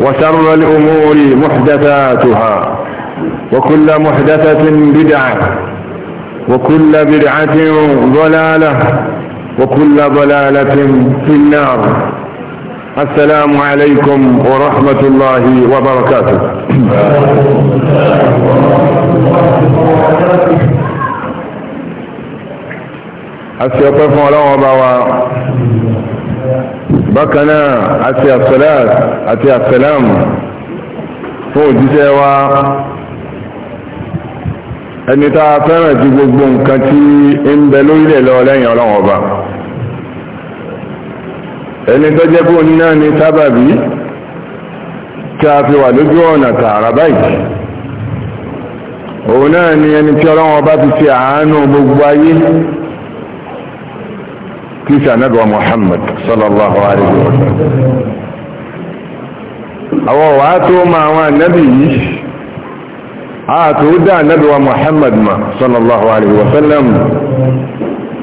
وشر الأمور محدثاتها وكل محدثة بدعة وكل بدعة ضلالة وكل ضلالة في النار السلام عليكم ورحمة الله وبركاته ورحمة الله وبركاته bákanáà àti àfẹ́láàt àti àfẹ́láàmù fún òjíṣẹ́ wa ẹni tá a fẹ́ràn ju gbogbo nǹkan tí ń bẹ lórílẹ̀ lọ lẹ́yìn ọlọ́run ọba ẹni tó jẹ́ bó ní náà ni sábàbí tí a fi wà lójú ọ̀nà tààrà báyìí òun náà ni ẹni tí ọlọ́run ọba ti fi àánú gbogbo ayé kíkà nẹ́gbà Muhammad sallallahu alayhi wa sallam àwọn wà á tó ma àwọn ànábì yìí a tó dá nẹ́gbà Muhammad ma sallallahu alayhi wa sallam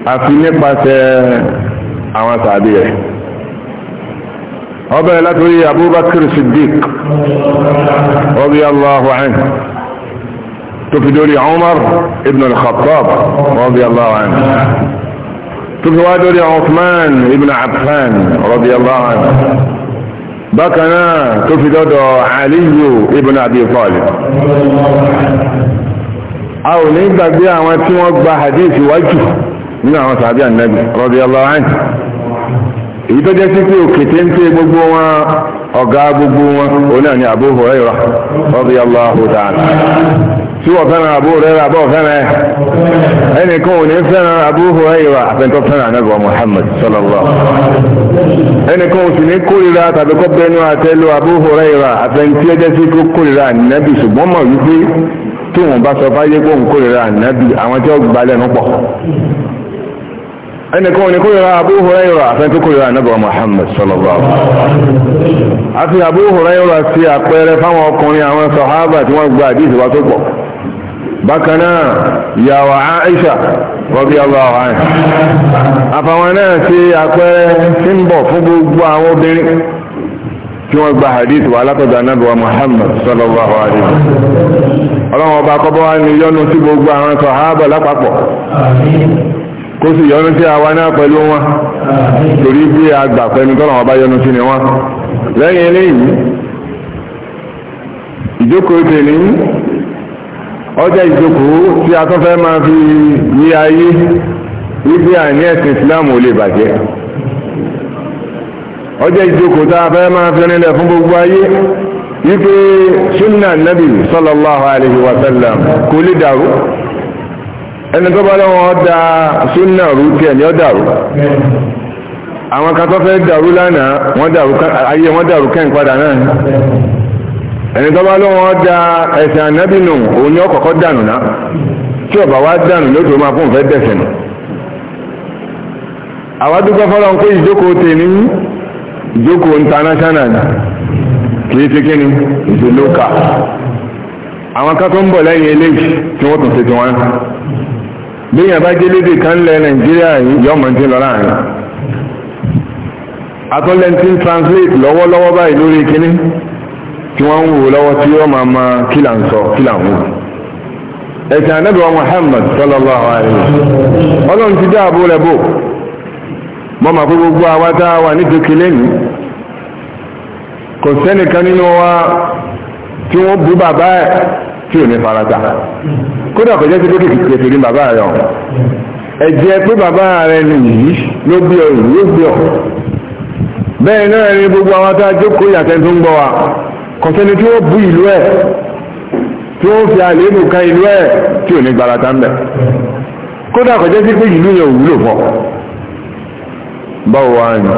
a fi nípasẹ̀ àwọn tàbí rẹ̀ ọbẹ̀ látòrí Abubakar Siddiq radiyallahu anhu tó fi dórí Umar ibn al-Khattab radiyallahu anhu تزواج عثمان ابن عفان رضي الله عنه بكنا تفدد علي ابن ابي طالب او نبدا بها وانتي وقبا حديث وجه من àwọn sàbí ànàbì radiyallahu anhu èyí tó jẹ́ sí pé òkè tí ń pé gbogbo wọn ọ̀gá gbogbo wọn òun náà ni Abu Hurairah radiyallahu ta'ala tí wọ́n fẹ́ràn àbú rẹ̀ rà bọ́ fẹ́ràn ẹnìkan ò ní fẹ́ràn àbú Hurayra àfẹ́ntọ́ fẹ́ràn anábọ̀ Muhammad sallallahu ẹnìkan ò sì ní kórìíra tàbí kọ́ bẹ́ẹ̀ ní àtẹ́lú àbú Hurayra àfẹ́ntí ẹjẹ́ sí kó kórìíra ànábì ṣùgbọ́n mọ̀ wípé tóun bá sọ fáyé kó ń kórìíra ànábì àwọn tí ó gbalẹ̀ nù pọ̀ ẹnìkan òní kórìíra Abu Hurairah àfẹ́ntó kórìíra anábọ̀ Muhammad sallallahu àti Abu Hurairah sí àpẹẹrẹ fáwọn ọkùnrin àwọn sọ̀hábà tí wọ́n gba àdìsí wa tó pọ̀ bákan náà yàwó Aisha radiyallahu anha àfàwọn náà sí àpẹẹrẹ tí ń bọ̀ fún gbogbo àwọn obìnrin tí wọ́n gba hadith wa látọ̀dọ̀ anábíwa muhammad sallallahu alaihi wasallam ọlọ́run ọba kọ́bọ́ wa ni yọ́nú sí gbogbo àwọn sàhábà lápapọ̀ kó sì yọ́nú sí àwa náà pẹ̀lú wọn torí pé àgbà pẹ̀lú tọ́nà wọn bá yọ́nú sí ni wọn lẹ́yìn eléyìí ìjókòó tèmi ọjọ́ ìjókòó tí a tún fẹ́ máa fi yí ayé wípé àìní ẹ̀sìn Islam ò lè bàjẹ́ ọjọ́ ìjókòó tá a fẹ́ máa fi nílẹ̀ fún gbogbo ayé wípé sunna nabi sallallahu alaihi wa sallam kò lè dàrú ẹni tó bá lọ́wọ́ ọ̀dà súnà tí ẹni ọ rú àwọn kan tó fẹ́ dàrú lánàá ayé wọ́n dàrú kẹ́yìn padà náà ẹni tó bá lọ́wọ́ ọ̀dà ẹ̀sìn ànábìnú òun yóò kọ́kọ́ dànù náà tí ọ̀bà wá dànù lótò máa fún nù pé ìjókòó tè ní ìjókòó international kìí kí ni ìṣèlú ká àwọn kan bí yàn bá jẹ́lédè kan lẹ nàìjíríà yìí yọ mọ̀ tí lọ láàrin atọ́lẹ́ntì translate lọ́wọ́lọ́wọ́ báyìí lórí kíní tí wọ́n ń wò lọ́wọ́ tí máa ma kílà ń sọ kílà ń wò ẹ̀sìn anábìwá Muhammad sallallahu alaihi ọlọ́run ti dáàbò rẹ̀ bò mọ́ máa pé gbogbo àwa tá a wà nítorí lẹ́nu kò sẹ́nìkan nínú wa tí wọ́n bú bàbá ẹ̀ tí ò ní farata kódà kọjá sí lókè kìkìkì ní bàbá rẹ̀ ọ̀hún ẹ̀jẹ̀ pé bàbá rẹ̀ nìyí ló bí ọ yìí ló bí ọ bẹ́ẹ̀ náà ni gbogbo àwọn tá a jókòó yàtẹ̀ tó ń gbọ́ wa kọ̀sẹ́ni tí wọ́n bu ìlú ẹ̀ tí wọ́n fi àléébù ka ìlú ẹ̀ tí ò ní gbarata ń bẹ̀ kódà kọjá sí pé ìlú yẹn ò wúlò fọ́ báwo wá ní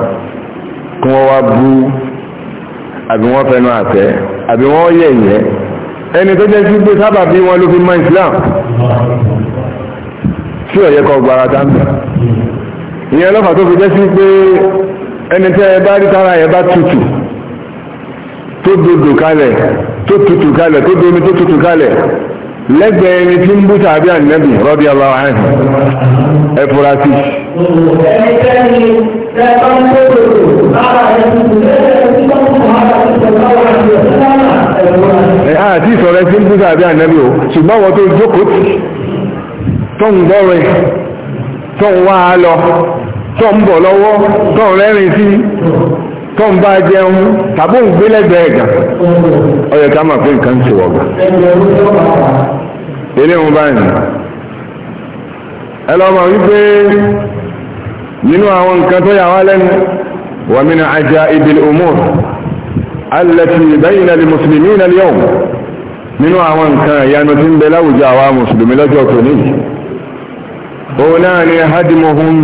kí wọ́n wá bú àbí wọ́n fẹnu àtẹ àbí wọ́n yẹ̀yẹ́ ẹni tó jẹ́ sí pé sábà bí wọn ló fi mọ Islam tí ọ̀yẹ́ kọ gbára dáńtà ìyẹn lọ́fà tó fi jẹ́ sí pé ẹni tẹ́ ẹ bá rí tára ẹ bá tutù tó dodò kalẹ̀ tó tutù kalẹ̀ tó domi tó tutù kalẹ̀ lẹ́gbẹ̀ẹ́ ẹni tí ń bú tàbí ànábì rọ́bì aláwọ̀ ẹ̀ ẹ fura sí. ẹnikẹ́ni tẹ́ bá ń gbèrò ara ẹ̀ tuntun lẹ́yìn tí wọ́n mú ara ẹ̀ tuntun lọ́wọ́ àti ọ̀sán ẹ̀ á àti ìsọ̀rọ̀ ẹ̀sìn ń búzà o ṣùgbọ́n wọ́n tó jókòó tó ń gbọ́rin tó ń wá lọ tó ń bọ̀ lọ́wọ́ tó ń rẹ́rìn sí tó ń bá jẹun tàbí òun gbé lẹ́gbẹ̀ẹ́ gà ó ká máa pé nǹkan ṣe wọ̀gbà. eléwọn báyìí ẹ lọ́ máa wípé nínú àwọn nǹkan tó yà wá lẹ́nu التي بين المسلمين اليوم nínú àwọn nǹkan ìyanu tí ń bẹ láwùjọ àwa mùsùlùmí lọ́jọ́ tòní òun náà ni hadimuhun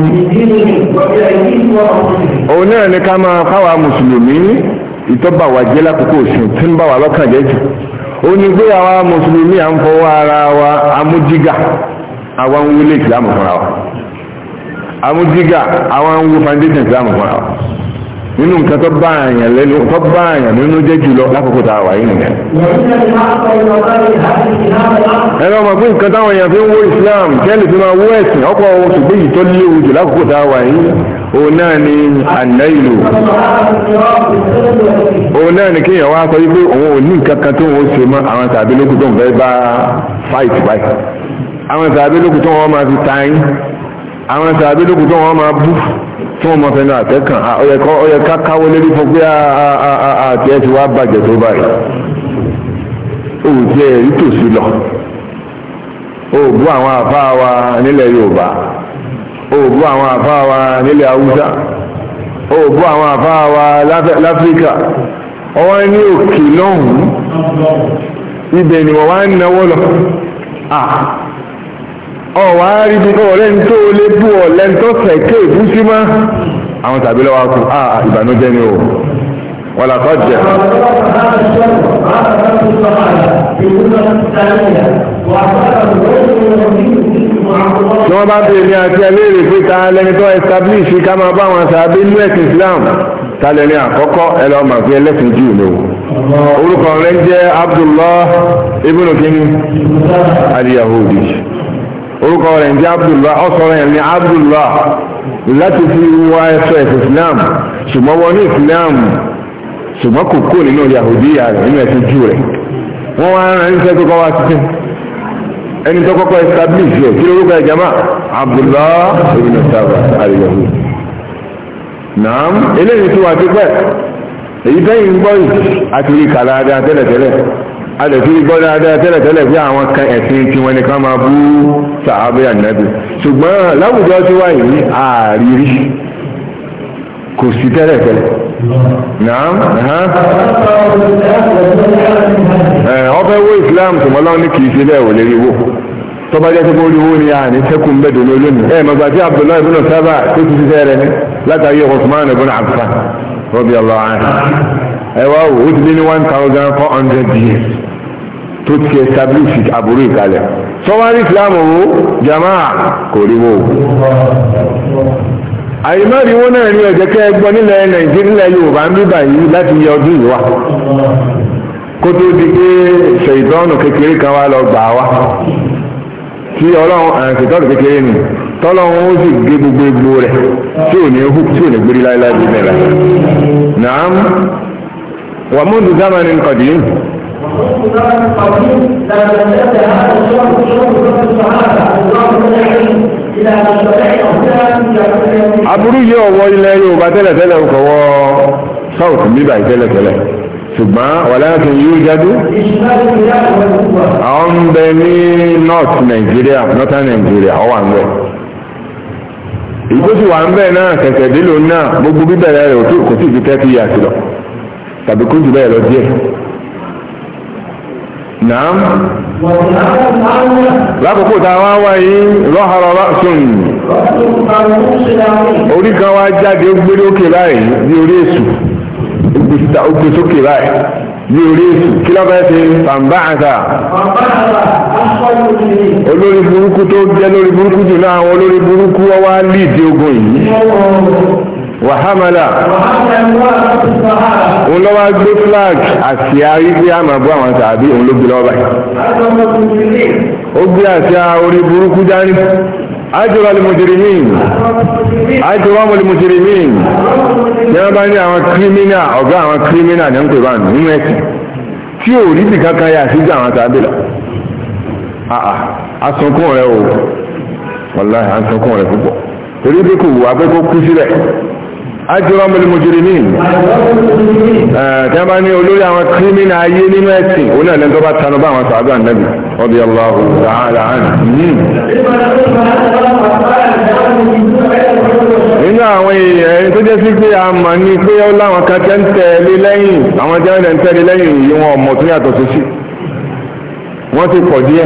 òun náà ni ká máa fáwa mùsùlùmí ìtọ́bà wà jẹ́ lákòókò òsìn tí ń bá wà lọ́kàn jẹ́ jù ó ní pé àwa mùsùlùmí à ń fọwọ́ ara wa amújígà àwa ń wúlé ìsìlámù fúnra wa amújígà àwa ń wú foundation ìsìlámù fúnra wa nínú nǹkan tó bá àyàn lẹ́nu tó bá àyàn nínú jẹ́ jùlọ lákòókò tá a wà yìí nìyẹn. ẹ lọ́ mọ̀ pé nǹkan táwọn èèyàn fi ń wo Islam kẹ́lì fi máa wó ẹ̀sìn ọ̀pọ̀ oṣù gbé yìí tó léwu jù lákòókò tá a wà yìí òun náà ni ànáìlò òun náà ni kéèyàn wá sọ wípé òun ò ní nǹkan kan tó ń ṣe mọ́ àwọn tàbí lókùn tó ń fẹ́ bá fight báyìí àwọn tàbí lókùn tó wọ́n máa fi ta yín àwọn tàbí lókùn tó wọ́n máa bú tí wọ́n mọ fẹnu àtẹ́kàn ọyẹ ká káwọ́ lérí fún pé àti ẹ ti wá bàjẹ́ tó báyìí òun tí ẹ rí tòsí lọ òòbù àwọn àfáà wa nílẹ̀ Yorùbá òòbù àwọn àfáà wa nílẹ̀ Haúsá òòbù àwọn àfáà wa láfíríkà ọwọ́ ní òkè lọ́hùn-ún ibẹ̀ ni wọ́n wá ń náwó lọ ọ̀wà ríbi kọ́ ọ̀rẹ́ tó lé bú ọ lẹ́ntọ́fẹ̀ ké ìbú sí mọ́ àwọn tàbí lọ́wọ́ kù á ah, ah, ìbànújẹ́ ni o wọ́n là kọ́ jẹ́. tí wọ́n bá ń bèèrè ní àti ẹlẹ́rìí pé ta lẹni tó establish ká máa bá wọn sàbí inú ẹ̀sìn Islam ta lẹni àkọ́kọ́ ẹ lọ́ọ́ mà pé ẹlẹ́sìn jù ni o orúkọ rẹ̀ jẹ́ Abdullah ibn kini al-Yahudi orúkọ rẹ̀ ní abdullah ọ̀sọ̀rọ̀ yẹn ní abdullah láti fi wá ẹsọ ẹ̀sìn islam ṣùgbọ́n wọn ní islam ṣùgbọ́n kò kó nínú yahudiya rẹ̀ nínú ẹ̀sìn jù rẹ̀ wọ́n wá rán ẹni sẹ́kọ̀ọ́ wá sí ẹni tó kọ́kọ́ establish rẹ̀ kí orúkọ ẹ̀ jama abdullah ibn saba aliyahu naam eléyìí tó wà ti pẹ́ èyí tẹ́yìn ń àti rí kàlá dáa a lè fi gbọ́ dáadáa tẹ́lẹ̀ tẹ́lẹ̀ bí àwọn kan ẹ̀sìn tí wọ́n nìkan máa bú sàábé ànábì ṣùgbọ́n láwùjọ tí wà yìí ààrírí kò sí tẹ́lẹ̀ tẹ́lẹ̀ naam ọbẹ̀ wo Islam ṣùgbọ́n láwọn ní kì í ṣe bẹ́ẹ̀ wò lérí wò tọ́ba jẹ́ pé orí wo ni a ní sẹ́kùn bẹ́ẹ̀ dòdò lónìí ẹ̀ mọ̀gbà tí Abdullahi ibn Saba tó ti ṣiṣẹ́ rẹ̀ ní látàrí Usman ibn Affan radiyallahu anhu ẹ wá wò ó ti dé ní one thousand four hundred years tó ti establish àbúrò ìkàlẹ̀ sọ́wárí ìsìláàmù wo jamaa kò rí wo àìmọ́riwó náà ní ọ̀jẹ̀ kẹ́ ẹ gbọ́ nílẹ̀ nàìjíríà yorùbá ń bíbà yìí láti yẹ ọdún yìí wá kó tó di pé ṣèyítọ́nù kékeré kan wá lọ gbà wá tí ọlọ́run àǹṣètọ́nù kékeré nì tọ́lọ́run ó sì gé gbogbo egbò rẹ̀ tí ò ní hù tí ò ní gbérí láéláé bí mẹ́ra nàám wàmúndù zamani kọ̀dí كنت ترك القوانين لما بدأت هذا الشهر شهر رب الصحابة اللهم لا علم إلى أن شرعت aburú yìí ọwọ́ ilẹ̀ Yorùbá tẹ́lẹ̀tẹ́lẹ̀ ń kọwọ́ south bíbà tẹ́lẹ̀tẹ́lẹ̀ ṣùgbọ́n wàláàkì yóò jáde àwọn ń bẹ ní north Nigeria northern Nigeria ọwà ń bẹ ìgbésí wà ń bẹ náà kẹ̀kẹ́ délò náà gbogbo bíbẹ̀rẹ̀ rẹ̀ kò tí ì fi thirty years lọ tàbí kó jù bẹ́ẹ̀ lọ díẹ̀ nàám lákòókò tá a wá wáyé lọ́hàrọ̀ rásùn orí kan wá jáde ó gbé lókè báyìí bí orí èṣù ó gbé sókè báyìí bí orí èṣù kí ló fẹ́ ṣe pàmbá àtà olórí burúkú tó jẹ́ lórí burúkú jù náà àwọn olórí burúkú wọ́n wá lídìí ogun yìí. wahamala ụlọwa lọ́wọ́ gbé flag àti arígbé àmàbú àwọn tàbí òun ló gbé lọ́wọ́ báyìí ó gbé àti orí burúkú dání ajọ́rọ̀ alìmọ̀jìrìmín ajọ́rọ̀ alìmọ̀jìrìmín ní wọ́n bá ní àwọn kírímínà ọ̀gá tí ò rí nìkan kan yà sí a tàbí lọ o wàláhì rẹ púpọ̀ torí kò wù abẹ́kọ̀ kú sílẹ̀ ajúrọmù mùjìrìmí tí a bá ní olórí àwọn kírímìnà ayé nínú ẹ̀sìn ó náà lẹ́nu tó bá tanú bá àwọn sàádọ́ ànábì ọbí aláhùn dáhàlá nínú àwọn èèyàn ẹni tó jẹ́ sí pé a mọ̀ ní pé ó láwọn kan tẹ́ ń tẹ̀lé lẹ́yìn àwọn jẹ́ ń tẹ̀lé lẹ́yìn yìí wọn ọ̀mọ̀ tó yàtọ̀ sí sí wọ́n ti pọ̀ díẹ̀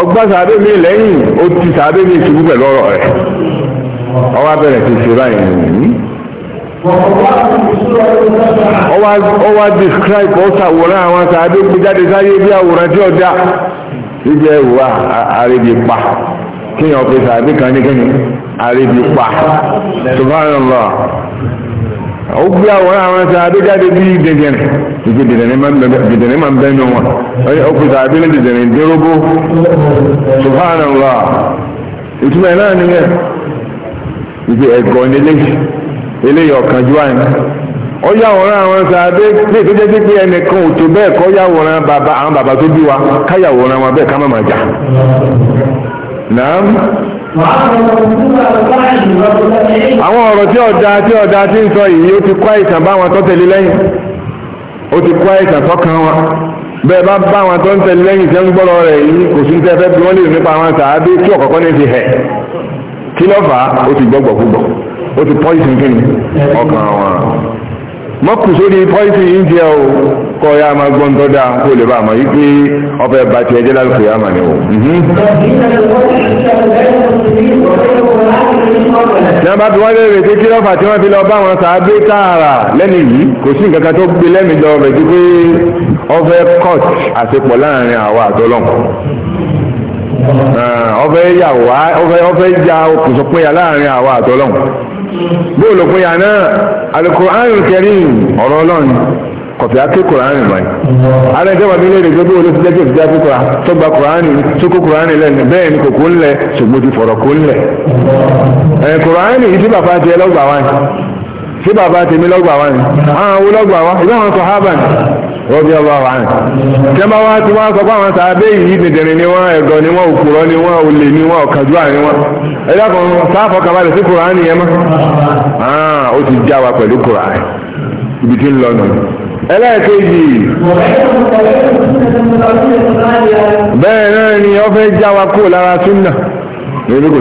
ọgbọ́n sàbẹ̀ mi lẹ́yìn ó ti sàbẹ̀ mi ṣubú pẹ̀lú ọ̀rọ̀ rẹ̀ ọwọ́ bẹ̀rẹ̀ ti ṣe báyìí nìyí. ọwọ́ describe ọ̀sà àwòrán àwọn sàbẹ̀ gbé jáde sáyé bí àwòrán tí ọjà ibi ẹ̀wù àríbi pa kíyàn ọ̀pẹ̀ sàbẹ̀ kan ní kíni àríbi pa subhanallah. ó gbé àwọn àwọn ẹsẹ̀ adéjáde bí dẹ̀dẹ̀rẹ̀ ìgbé dẹ̀dẹ̀rẹ̀ máa ń nù wọn ìtumọ̀ ẹ̀ náà nìyẹn ẹ̀gọ́ nílé eléyìí ọ̀kan àyìn àwọn bẹ́ẹ̀ kọ́ yàwòrán àwọn bàbá tó bí wa káyàwòrán wọn bẹ́ẹ̀ ká má má jà Nàám. Àwọn ọ̀rọ̀ tí ọ̀dà tí ọ̀dà tí ń sọ yìí ó ti kó àìsàn bá wọn tó tẹ̀lé lẹ́yìn. Ó ti kó àìsàn sọ́kàn wọn. Bẹ́ẹ̀ bá bá wọn tó ń tẹ̀lé lẹ́yìn tí ó ń gbọ́rọ̀ rẹ̀ yìí kò sí tẹ́fẹ́ bí wọ́n lè nípa àwọn sàábé tí ọ̀kọ̀ọ̀kan ní ti hẹ̀. Kí ló fà á? Ó ti gbọ́gbọ̀ púpọ̀. Ó ti pọ́ìsì kí Ọkàn wọn mọ́kù sórí pọ́ìsì india o kọ́ ya ma gbọ́n tó dáa kó lè bá àmà yí pé ọfẹ́ bá ti ẹjẹ́ lálùkù ya mà ní o. Mhm. ní a bá fi wọ́n lè retí kí lọ́fà tí wọ́n fi lọ bá wọn sàábé tààrà lẹ́nu yìí kò sí nǹkan tó gbé lẹ́mìí lọ rẹ̀ ju pé ọfẹ́ court àṣepọ̀ láàrin àwa àtọ́lọ́n ọfẹ́ yà wá ọfẹ́ yà okùn pé yà láàrin àwa àtọ́lọ́n bóòlù pé àná alukur'an kẹrin ọ̀rọ̀ ọlọ́run kọ̀fì àti kur'an báyìí alẹ́ ìjọba mi léèrè pé bóòlù sílẹ̀ tó fi já sí kur'an tó gba kur'an tó kó kur'an lẹ́nu bẹ́ẹ̀ ni kòkó ńlẹ̀ ṣùgbọ́n ti fọ̀rọ̀ kó ńlẹ̀ kur'an yìí tí bàbá tiẹ̀ lọ́gbà wáyé sí bàbá tèmi lọ́gbà wá ní àwọn owó lọ́gbà wá ìgbà wọn sọ harvard rọ́bí ọba wà ní tẹ́bà wá ti wá sọ fáwọn sàábé yìí dìndìnrín ni wọ́n ẹ̀gọ́ ni wọ́n òkúrọ́ ni wọ́n olè ni wọ́n ọ̀kadúrà ni wọ́n ẹ̀dá kan sáfọ́ kabalẹ̀ sí kùránì yẹn mọ́ ah, ó ti já wa pẹ̀lú kùránì ibi tí ń lọ nù ẹlẹ́ẹ̀kejì bẹ́ẹ̀ náà ni ọ fẹ́ já wa kúrò lára súnà lórí kò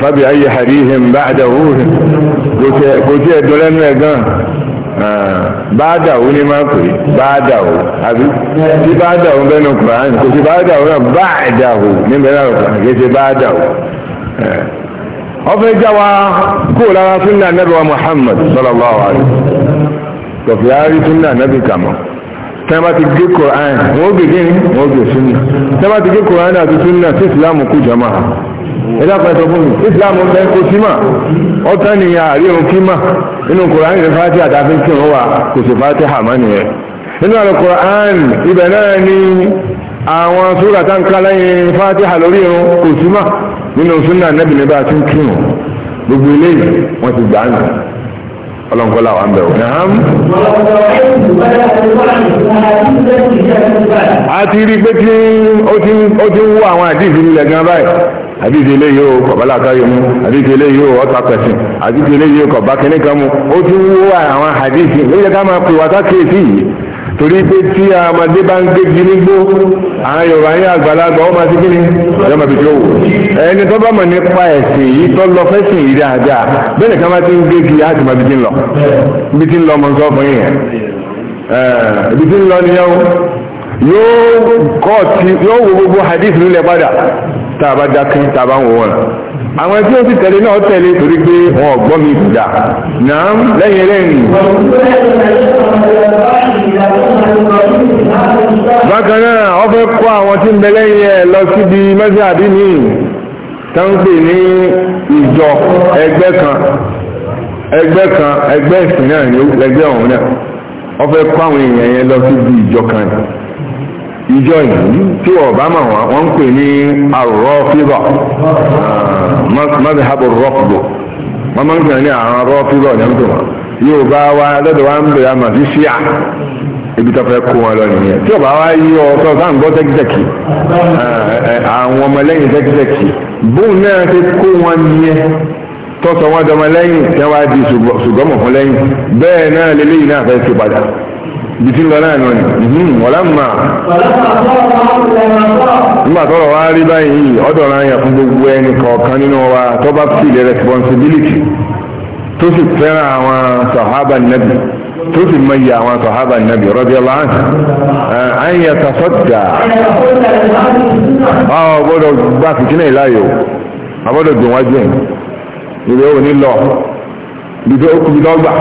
fábí ayé àríhìn báadáwó kò tí ẹ̀ dún lẹ́nu ẹ̀ gan báadáwó ní máa pè báadáwó àbí tí báadáwó bẹ́nu kùrán kò sí báadáwó náà báadáwó níbẹ̀ náà kùrán kì í ṣe báadáwó ọfẹ́ já wa kó lára súnà nàbí wa Muhammad sallallahu alaihi kọfí àárí súnà nàbí kàmọ́ tẹ́lá gé kùrán wọ́n gé gíní wọ́n gé súnà tẹ́lá ti gé kùrán àti súnà sí ìsìlámù kú jama'a ẹ̀dá pẹ̀sọ̀ fún mi Islam ọ̀tẹ́ kò sí mà ọ̀tẹ́ ni àárí òun kí mà nínú Kùránì ní fàtí àtàfi kí òun wà kò sì fàtí hàmá nìyẹn nínú àlọ́ Kùránì ibẹ̀ náà ni àwọn súrà táǹkà lẹ́yìn fàtí àlórí òun kò sí mà nínú súnà nẹ́bìnrin bá ti ń kírun gbogbo eléyìí wọ́n ti gbà á nù ọlọ́nkọ́lá wà ń bẹ̀rù náàm a ti rí pé tí ó ti ń wó àwọn àdìsí nílẹ̀ gan báyìí àdìsí eléyìí ó kọ̀bálà káyọ mú àdìsí eléyìí ó ọ̀tà pẹ̀sìn àdìsí eléyìí ó kọ̀bá kínní kan mú ó ti ń wó àwọn àdìsí lóye ká máa pè wá sákèésí yìí torí pé tí amadé bá ń gégi nígbó àwọn yorùbá yẹn àgbàlagbà ọmọ àti kíni yọmọ bìí tó wò ẹni tó bá mọ̀ nípa ẹ̀sìn yìí tó lọ fẹ́sìn yìí dáadáa bẹ́ẹ̀ nìkan bá ti ń gégi láti mọ ibi tí ń lọ ibi tí ń lọ ọmọ nǹkan ọkùnrin yẹn ibi tí ń lọ nìyẹn yóò kọ́ ti yóò wo gbogbo hadith nílẹ̀ padà tá a bá dákẹ́ tá a bá ń wò wọn àwọn tí ó sì tẹ̀lé náà tẹ̀lé torí pé wọn ò gbọ́ mi kù náà lẹ́yìn lẹ́yìn. bákan náà wọ́n fẹ́ kó àwọn tí ń bẹ lẹ́yìn lọ síbi mẹ́sàbí kan ẹgbẹ́ kan ẹgbẹ́ ìsìn náà ní ẹgbẹ́ ọ̀hún náà wọ́n fẹ́ lọ síbi ìjọ kan ìjọ yìí tí wọ́n bá mọ̀ wọ́n wọ́n ń pè ní arọ́fíbọ̀ ah, wọ́n máa ń pè ní yóò bá wa lọ́dọ̀ ibi tó fẹ́ kó wọn lọ nìyẹn tí ọba wa yí ọ sọ sáà ń gbọ́ tẹ́kítẹ́kì àwọn ọmọlẹ́yìn tẹ́kítẹ́kì bóun náà ti kó wọn nìyẹn tọ́sọ wọn dọmọ lẹ́yìn tí wọ́n á di ṣùgbọ́mọ̀ fún lẹ́yìn bẹ́ẹ̀ náà lélẹ́yìn náà fẹ́ ṣe padà bìtí ń lọ náà nọ ni ọ̀làmà hmm, nígbà tọ́rọ̀ wá rí báyìí ọ̀dọ̀ náà yẹ fún gbogbo ẹni kọ̀ọ̀kan nínú wa tó bá fi lè responsibility tó sì fẹ́ràn àwọn sàhábà nẹ́bì tó sì a iye àwọn sàhábà nàbì radiyallahu anhu àyìn àtàfọ́dà ọ gbọ́dọ̀ gbà fìtínà ìláyò àbọ́dọ̀ dùn wájú ẹ̀ ìwé ibe lọ nilo òkùnlọ́gbà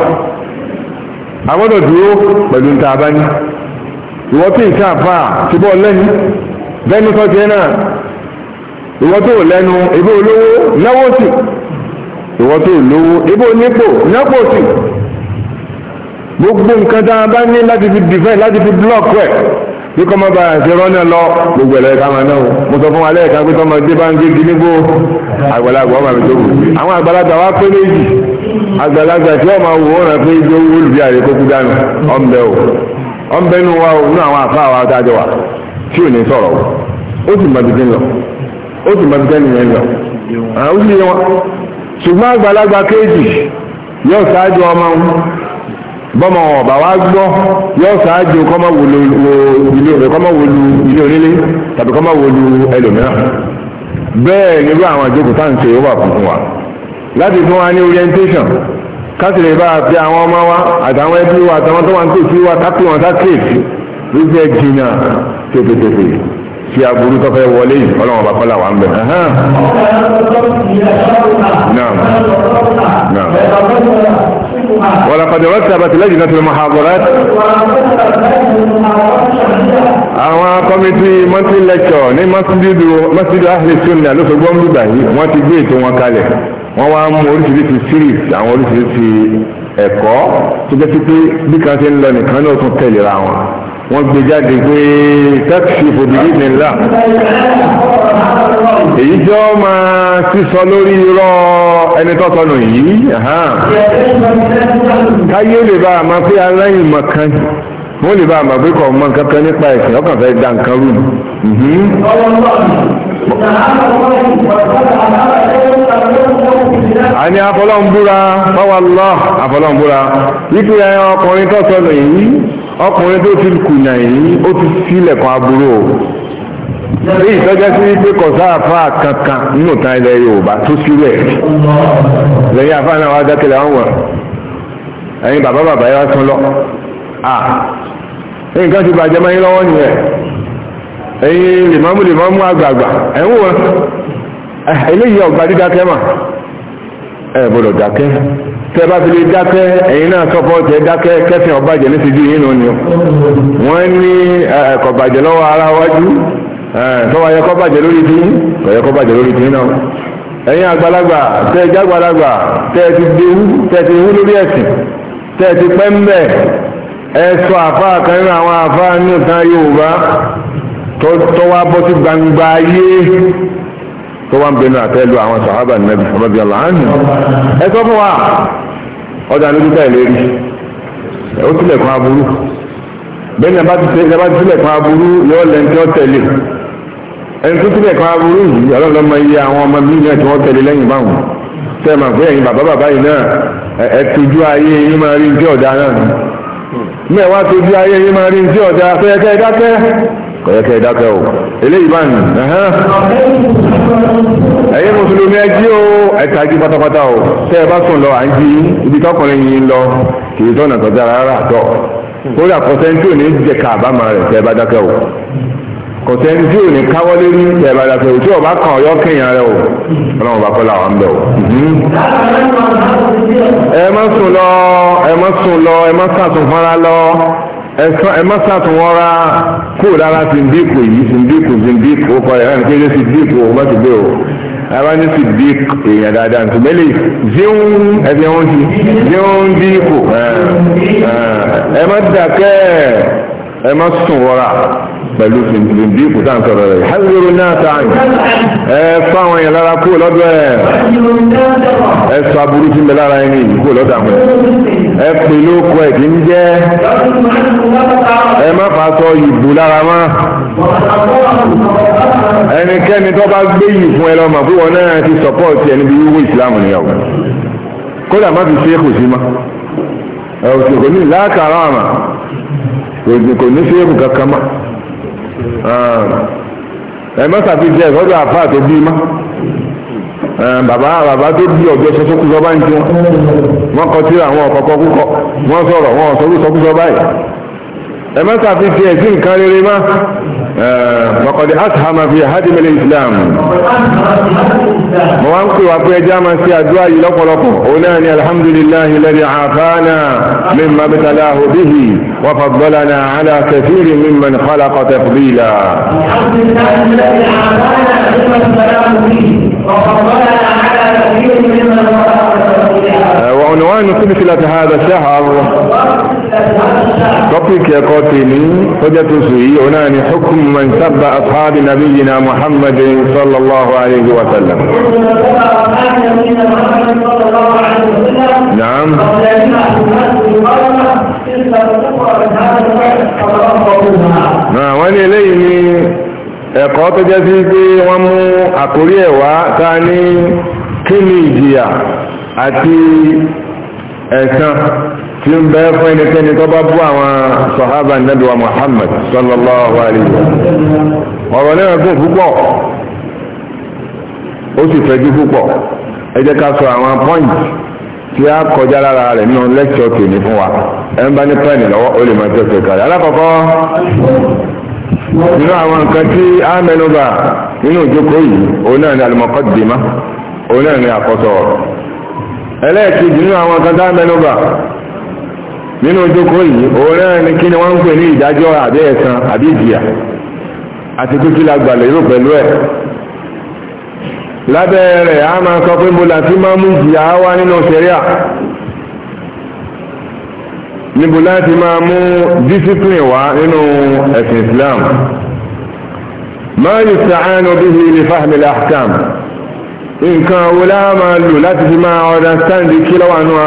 àbọ́dọ̀ dúró pẹ̀lú a tàbá ní ìwọ́ tí ìta àfà ti bọ́ lẹ́nu bẹ́ni sọ́jẹ́ náà ìwọ́ tó lẹ́nu ìbò olówó náwó sí sí gbogbo nǹkan tá a bá fi defend láti fi block rẹ̀ bí kọ́ mọ́ àti rọ́nà lọ gbogbo ẹ̀rọ ká máa náà mo sọ fún wa lẹ́ẹ̀kan pé tọ́mọ bá ń gé gínígbó àgbàlagbà ọmọ mi tó wù àwọn àgbàlagbà wa pé méjì àgbàlagbà tí wò ó pé olùbí àrè dànù ọ̀nbẹ o ọ̀nbẹ nu wa nú àwọn àfa wa dájọ wa o ó sì mọ lọ ó sì mọ bọ́mọ ọ̀bà wa gbọ́ yóò ṣáájú kọ́mọ wòlò ilé rẹ̀ kọ́mọ wòlò ilé onílé tàbí kọ́mọ wòlò ẹlòmíràn bẹ́ẹ̀ nírú àwọn àjòkò tá à ń ṣe ó wà fún wa láti fún wa ní orientation kásìlẹ̀ bá a fi àwọn ọmọ wa àtàwọn ẹbí wa àtàwọn tó wà ń tòsí wa kápẹ́ wọn sá kéèsì wípé jìnnà tètè tètè tí aburú tó fẹ́ wọlé yìí ọlọ́run bá kọ́là wà ń bẹ̀. ولقد رتبت لجنة المحاضرات àwọn kọ́mítì mọ́tì lẹ́kṣọ̀ ní mọ́sídìí ahlẹ́sùnà ló fi gbọ́n bíbà yìí wọ́n ti gbé ètò wọn kalẹ̀ wọ́n wá mú oríṣiríṣi series àwọn oríṣiríṣi ẹ̀kọ́ tó jẹ́ sí pé bí kan ṣe ń lọ nìkan náà tún tẹ̀léra wọn wọ́n gbé jáde pé tẹ́kṣì fòdìrí nílá èyí jọ máa sísọ lórí irọ́ ẹni tọ́tọ́nù yìí káyé lè bá àmà pé aláìyìn mọ̀kan wọ́n lè bá àmà pé kọ̀ mọ́ kankan nípa ẹ̀sìn ọkàn fẹ́ da nǹkan rú àní mhm. afọlọ́nbúra fáwọn lọ́ afọlọ́nbúra wípé ọkùnrin tọ́tọ́nù yìí ọkùnrin tó ti kùnà yìí ó ti sílẹ̀kùn aburú o ní ìtọ́já sí wípé kọ̀sáàfà kankan nínú ìtàn ilẹ̀ yorùbá tó sílẹ̀ lẹ́yìn àfáà náà wá dákẹ́lẹ̀ àwọn wọ̀n ẹ̀yin bàbá bàbá yẹn wá tún lọ à nǹkan ti bàjẹ́ máa ń lọ́wọ́ nìyẹn ẹ̀yin lèmọ́mú lèmọ́mú àgbààgbà ẹ̀ ń wọ̀n eléyìí ọ̀gbà dídákẹ́ mà ẹ̀ gbọ́dọ̀ dákẹ́ tẹ bá fi lè dákẹ́ ẹ̀yin náà sọ́fọ́ tẹ dákẹ́ kẹsìn ọ̀bàjẹ́ ní síjú yìí lónìí o wọ́n ní ẹ̀kọ́ bàjẹ́ lọ́wọ́ ara wájú tọ́wọ́ ayẹ́kọ́ bàjẹ́ lórí ti yín ọ̀yẹ́kọ́ bàjẹ́ lórí ti yín náà ẹ̀yin àgbàlagbà tẹ́ ẹ jágbàlagbà tẹ́ ẹ ti dewú tẹ́ ẹ ti wú lórí ẹ̀sìn tẹ́ ẹ ti pẹ́ ń bẹ̀ ẹ sọ àfáà kan nínú àwọn àfáà nínú ìtàn Yorùbá tó wá ń bẹnu àtẹ́lu àwọn sàhábà nẹ́bí ọmọbí ọ̀la á ẹ sọ fún wa ọjà ní dúkà ìlérí ó tilẹ̀ kan aburú bẹ́ẹ̀ ni ẹ bá tilẹ̀ kan aburú yọ lẹ́ńtí ọ tẹ̀lé ẹni tó tilẹ̀ kan aburú yìí ọmọ iye àwọn ọmọ mi náà tí wọ́n tẹ̀lé lẹ́yìn báwọn tẹ́ máa bàbá bàbá yìí náà tójú ayé máa rí kọ̀yẹ́kẹ́ dákẹ́ o eléyìí bá nì ẹ̀yin mùsùlùmí ẹjí o ẹ̀ka jí pátápátá o tẹ́ ẹ bá sùn lọ à ń jí ibi tọkùnrin yìí ń lọ kì í tọ́nà tọ́jà rárá tọ́ lórí àkọsẹ́ntì òní jẹ ká àbámà rẹ̀ tẹ́ ẹ bá dákẹ́ o kọsẹ́ntì òní káwọ́lé ní tẹ́ ẹ bá dákẹ́ o tí ọba kan ọ̀yọ́ kéèyàn rẹ o ọlọ́run bá kọ́lá wa bẹ̀ o. ẹ má sùn lọ ẹ má sùn lọ ẹ má sàtún fọ́nrá lọ ẹ̀sán ẹ̀mọ́ sàtúnwọ́n ra kó lára sìndíkù yìí sìndíkù sìndíkù ó kọ́ ẹ̀ ẹ̀ kéde sìndíkù ó mọ́tò gbé o ẹ̀rọ ní sìndíkù èèyàn dáadáa nǹkan mẹ́lẹ̀ zéun ẹ̀fẹ̀ wọn ti zéun díkù ẹ̀ẹ́mọ́ dàkẹ́ ẹ̀mọ́ sùn wọ́ra pẹ̀lú sìndìkù tá à ń sọ̀rọ̀ rẹ̀ hẹ́lẹ́rù náà sáàyìn ẹ fáwọn yẹn lára kúrò lọ́dọ̀ ẹ̀ ẹ sọ aburú sí mi lára ẹni yìí kúrò lọ́dọ̀ àwọn ẹ pè lóko ẹ̀ kí ń jẹ́ ẹ má fà sọ ìbù lára mọ́ ẹnikẹ́ni tó bá gbé yìí fún ẹ lọ́mọ fún wọn náà ti sọ́pọ́ọ̀tì ẹni bí wíwú ìsìlámù nìyàwó kódà má fi ṣe kò sí ma ẹ̀ òsèkò ní ìlà àmà kò ní ṣe kò kankan mọ́. Ah. ẹ mọ́sà fi jẹ́ ìfọ́jọ́ àfa àti bí má eh, bàbá bàbá tó bí ọ̀jọ́ sọ́sọ́kú sọ báyìí tiwọn wọ́n kọ sí àwọn ọ̀kọ̀ọ̀kọ̀ kúkọ̀ wọ́n sọ̀rọ̀ wọn ọ̀sọ́kú sọ́kú sọ báyìí ẹ mọ́sà fi jẹ́ ẹ̀sìn nǹkan rere má. فقد آه، أسهم في هدم الإسلام وأنقي وأبي جامع في أدواء لقلق أولاني الحمد لله الذي عافانا مما ابتلاه به وفضلنا على كثير ممن خلق تفضيلا الحمد لله الذي عافانا مما ابتلاه به وفضلنا على كثير ممن خلق تفضيلا وعنوان سلسلة هذا الشهر tọ́pìkì ẹ̀kọ́ ti ní ó jẹ́ tó sùn yìí ọ̀nà ni hukum man sábà ashabi nabiyina muhammadin sallallahu alayhi wa sallam. naam. náà wọ́n ní eléyìí ní ẹ̀kọ́ tó jẹ́ sí pé wọ́n mú àkórí ẹ̀ ta ní kí ìjìyà àti ẹ̀san tí ń bẹ fún ẹnikẹ́ni tó bá bú àwọn sọ̀hábà nàbí wa Muhammad sallallahu alayhi wa ọ̀rọ̀ náà gùn púpọ̀ ó sì fẹ́jú púpọ̀ ẹ jẹ́ ká sọ àwọn pọ́ìntì tí a kọjá lára rẹ̀ nínú lẹ́kṣọ̀ tèmi fún wa ẹ ń bá ní pẹ́ẹ̀nì lọ́wọ́ ó lè máa tẹ̀sẹ̀ kárí alákọ̀ọ́kọ́ nínú àwọn nǹkan tí a mẹ́nubà nínú ìjókòó yìí òun náà ni al-muqaddimah òun náà ni àkọ́sọ̀ ẹlẹ́ẹ̀kejì nínú àwọn nǹkan tá a mẹ́nubà nínú ojókòó yìí òun náà ni kí ni wọ́n ń pè ní ìdájọ́ àbí ẹ̀san àbí ìjìyà àti pé kí la gbà lérò pẹ̀lú ẹ̀ lábẹ́ rẹ̀ a máa sọ pé mo là sí máa mú ìjìyà wá nínú sẹ́ríà níbo láti máa mú discipline wá nínú ẹ̀sìn Islam máa yìí sàánú bí ilé fáhìmìlì àkàmù nǹkan wo láà máa lò láti fi máa understand kí ló wà nínú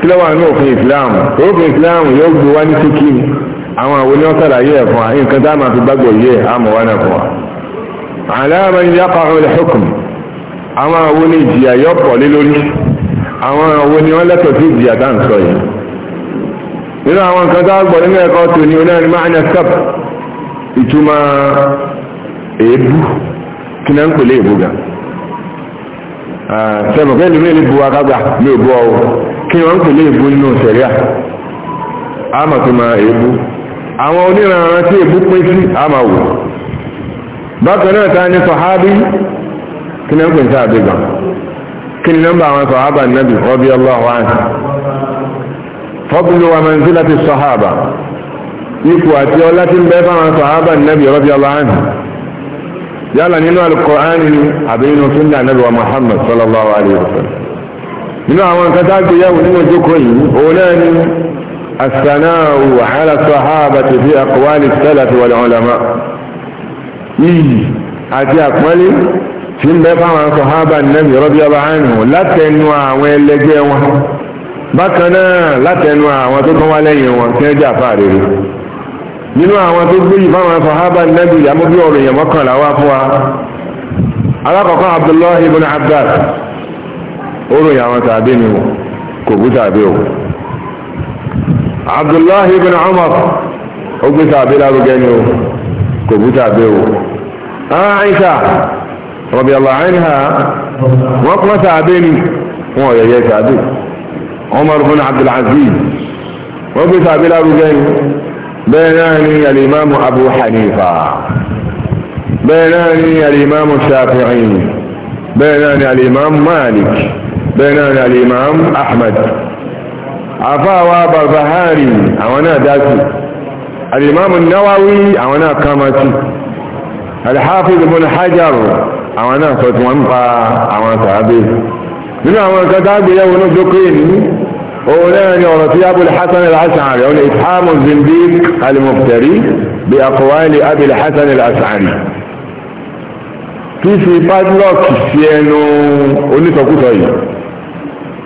kí ló wà nínú òfin Islam òfin Islam yóò gbé wá ní síkì àwọn àwọn oníwọ́n sàlàyé ẹ̀ fún wa nǹkan tá a máa fi gbàgbọ́ yé àmọ́ wá náà fún wa. àlàámà ń yá pàrọ̀ lè hukum àwọn àwọn ní ìjìyà yóò pọ̀ lé lórí àwọn àwọn ni wọ́n sí ìjìyà tá à ń sọ yìí. nínú àwọn nǹkan tá a gbọ́ nínú ẹ̀kọ́ tó ní onáà ní máa ìtumọ̀ èébú kí náà ń pèlè èébú gan sẹ́mọ̀ kẹ́lì mí lè bu akágbà ní èbú ọwọ́ kí wọ́n ń a? lè bu nínú sẹ̀ríà àmà tó máa èbú àwọn oníranran tí èbú pín sí wò bákan náà ta ní sọ̀hábí kí ni ń pè ní sáà bígbà kí ni nọ́mbà àwọn sọ̀hábà ọbí sọ̀hábà ipò àti ọlá tí ń bẹ́ fáwọn sọ̀hábà ọbí yálà nínú alukọ̀ánì ni àbí nínú sunna anabi wa muhammad sallallahu alayhi wa sallam nínú àwọn nǹkan tá a gbé yẹ̀wò nínú ìjókòó yìí òun náà ni asanáwó wàhálà sahabati fi aqwali salafi wal ulama yìí àti àpọ́nlé tí ń bẹ fáwọn sọ̀hábà nẹ́bí radiyallahu anhu látẹnu àwọn ẹlẹgbẹ́ wọn bákan náà látẹnu àwọn tó kọ́ wá lẹ́yìn wọn tí wọ́n rere nínú àwọn tó gbé ìfáwọn sàhábà nẹ́bí àmúbí ọ̀rọ̀ èèyàn mọ́kànlá wá fún wa alákọ̀ọ́kọ́ abdullah ibn abbas ó ròyìn àwọn tàbí ni kò bú tàbí o abdullah ibn umar ó gbé tàbí lárugẹ ni o kò bú tàbí o aisha rabi allah anha wọ́n kọ́ tàbí ni wọ́n yẹ̀yẹ́ tàbí umar ibn abdul abdulaziz wọ́n gbé tàbí lárugẹ ni بيناني الامام ابو حنيفة بيناني الامام الشافعي بيناني الامام مالك بيناني الامام احمد عفا وابا الظهاري اوانا داتي الامام النووي اوانا كامتي الحافظ بن حجر اوانا صوت منفى اوانا تعبيه من اوانا تعبيه ونبدو أولاني ورثي أبو الحسن الأشعري أو إتحام الزنديق المفتري بأقوال أبي الحسن الأشعري fífi padlock sí ẹnu onítọ̀kútọ̀ yìí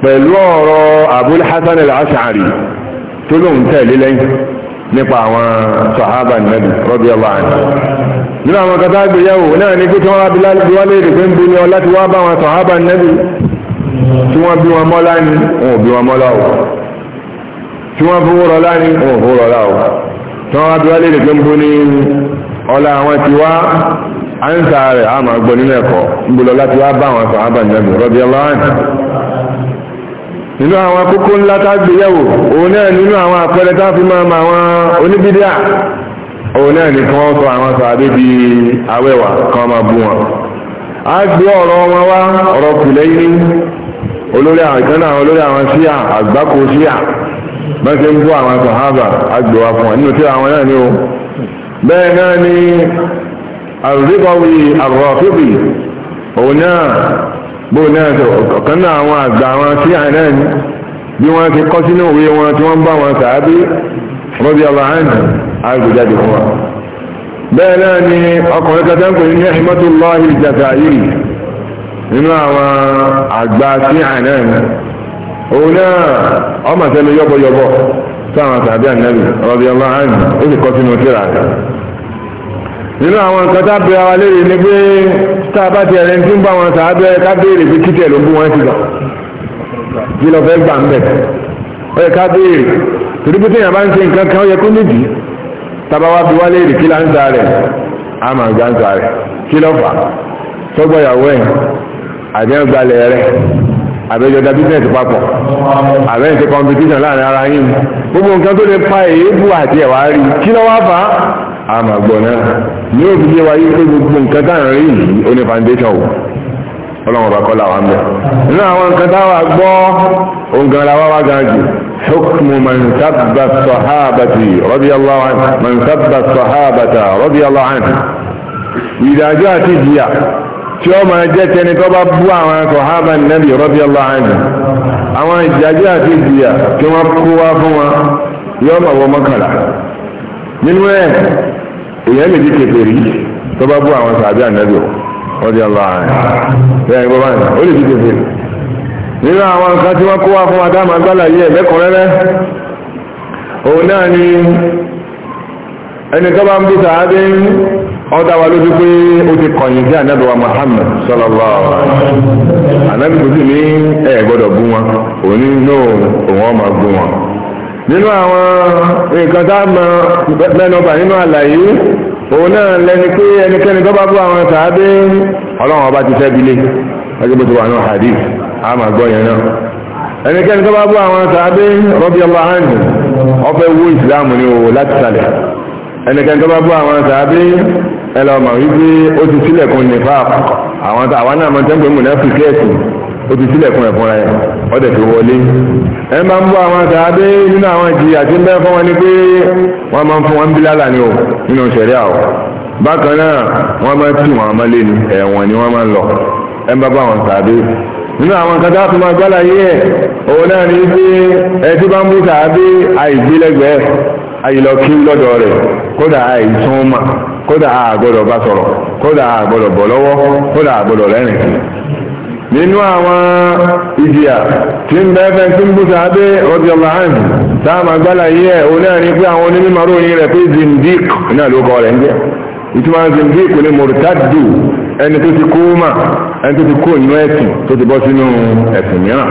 pẹ̀lú ọ̀rọ̀ Abul Hasan al-Ash'ari tó lóun tẹ̀lé lẹ́yìn nípa àwọn sọ̀hábà nàbì radiyallahu anhu nínú àwọn kátàgbéyàwó náà ní pé tí wọ́n wá bí wálé rẹ̀ pé ń bu ní ọ láti wá bá àwọn sọ̀hábà nàbì tí wọ́n bí wọn mọ́lá ni wọn ò bí wọn mọ́lá o tí wọ́n fowó rọlá ni wọn ò fowó rọlá o tí wọ́n wá bí wọ́n lè lè gbẹ́mbó ní ọlá àwọn ti wá à ń ta rẹ̀ àmọ́ àgbọ̀ nínú ẹ̀kọ́ ń bọ̀ lọ láti wá bá àwọn sọ abànjẹ́bù rọ́bì ọlọ́run nínú àwọn kókó ńlá tá gbéyẹ̀wò òun náà nínú àwọn àpẹẹrẹ tá fi máa ma àwọn oníbídíà òun náà ní kí sọ àwọn sọ àbí awẹ́wà kan máa bú wọn a gbé ọ̀rọ̀ wọn wá ọ̀rọ̀ kùlẹ́yìn olórí àwọn ìkan náà olórí àwọn síà àgbákò síà bá ti ń bú àwọn sàhábà agbèwà fún wa nínú tí àwọn náà ni o bẹ́ẹ̀ náà ni àrùdíkọ̀wì àrùrọ̀fífì òun náà bó náà so ọ̀kan náà àwọn àgbà àwọn síà náà ni bí wọ́n ti kọ́ sínú òwe wọn tí wọ́n bá wọn sàábí rọ́bì aláhàn àgbèjáde fún wa bẹ́ẹ̀ náà ni ọkùnrin ketenkunrin ń pè ní ẹ̀hìmọ́tò lọ́ọ̀hì jàdá yìí nínú àwọn àgbà tí àná ẹ̀ òun náà ọmọ sẹ́nu yọ́bọ̀yọ́bọ̀ sáwọn tàbí ànábì radiyallahu anhu ó sì kọ́ sínú síra rẹ̀ nínú àwọn nǹkan tá a bẹ̀rẹ̀ wa léèrè ni pé tá a bá ti ẹ̀rẹ́ tí ń bá wọn sàá bẹ́ẹ̀ ká béèrè pé títẹ̀ ló bú wọn sí lọ kí lọ fẹ́ gbà ń bẹ̀ ó yẹ ká béèrè torí pé téèyàn bá ń ṣe nǹkan kan ó yẹ kó wá fi kí ń àbí ẹ̀ gbalẹ̀ rẹ̀ àbẹ́jọdá bísẹ̀sì papọ̀ àbẹ́yìn ti competition láàrin ara yín gbogbo nǹkan tó lè pa èébù àti ẹ̀wà rí kí lọ́wọ́ bá àmàgbọ̀ náà ní òbí yé wa yí pé gbogbo nǹkan táwọn rí yìí ó ní foundation wò ọlọ́run ọba kọ́lá wa ń bẹ̀. nínú àwọn nǹkan táwa gbọ́ òǹkan ara wa wá gan jù حكم من سب الصحابة رضي الله عنه من سب الصحابة رضي الله tí ó máa jẹ́ tẹni tó bá bú àwọn sọ̀hábà nẹ́bì radiyallahu anhu àwọn ìjàjẹ́ àti ìjìyà tí wọ́n kó wá fún wa yóò máa wọ mọ́kànlá nínú ẹ̀ èèyàn lè di kèfèrí tó bá bú àwọn sàbí ànẹ́bì radiyallahu anhu bẹ́ẹ̀ ni bọ́bá ó lè di kèfèrí nínú àwọn nǹkan tí wọ́n kó wá fún wa dá máa gbálà yí ẹ̀ lẹ́kùnrẹ́rẹ́ òun náà ni ẹni tó bá ń bú sàábí ọdá wa lójú pé ó ti kọ̀yìn sí ànábìwá Muhammad sallallahu alaihi wasallam ànábì tó sì ní ẹ gbọ́dọ̀ bú wọn òní náà òun ọmọ bú wọn nínú àwọn nǹkan tá a mọ mẹ́nubà nínú àlàyé òun náà lẹni pé ẹnikẹ́ni tó bá bú àwọn sàábé ọlọ́run ọba ti fẹ́ bilé ẹgbẹ́ bó wà náà hadith a máa gbọ́ yẹn náà ẹnikẹ́ni tó bá bú àwọn sàábé rọ́bì ọlọ́run ọfẹ́ wó ìsìlámù ni o láti sàlẹ̀ ẹnìkan tó bá bú àwọn sàábé ẹlọ́mà wípé ó ti sílẹ̀kùn nìfàp àwọn àwọn náà mọ̀ tẹ́gbẹ̀ẹ́ mùnà fìkẹ́ẹ̀sì ó ti sílẹ̀kùn ẹ̀fúnra ẹ̀ ọdẹ̀ tó wọlé ẹ máa ń bú àwọn sàábé nínú àwọn ìjìyà tí ń bẹ́ fún wọn ni pé wọ́n máa ń fún wọn bílálà ni ò nínú ṣẹ̀rí àwọ̀ bákan náà wọ́n máa tì wọ́n mọ́lé ni ẹ̀wọ̀n ni wọ́n máa ń lọ ẹ bá bá àwọn sàábé nínú àwọn kan dáàtò máa gbálàyé ẹ̀ òun náà ní pé ẹ àyìnlọ́kí lọ́dọ̀ rẹ̀ kódà àìsàn mà kódà àgbọ̀dọ̀ bá sọ̀rọ̀ kódà àgbọ̀dọ̀ bọ̀ lọ́wọ́ kódà àgbọ̀dọ̀ rẹ́rìn nínú àwọn ìjìyà tí ń bẹ́ẹ̀ fẹ́ tí ń bú sàábé radiyallahu anhu táàmà gbálà yí ẹ̀ òun náà ní pé àwọn onímọ̀ ròyìn rẹ̀ pé zindik náà ló kọ rẹ̀ ń jẹ́ ìtumọ̀ zindik ní murtaddu ẹni tó ti kú mà ẹni tó ti kú nínú ẹ̀sìn tó ti bọ́ sínú ẹ̀sìn mìíràn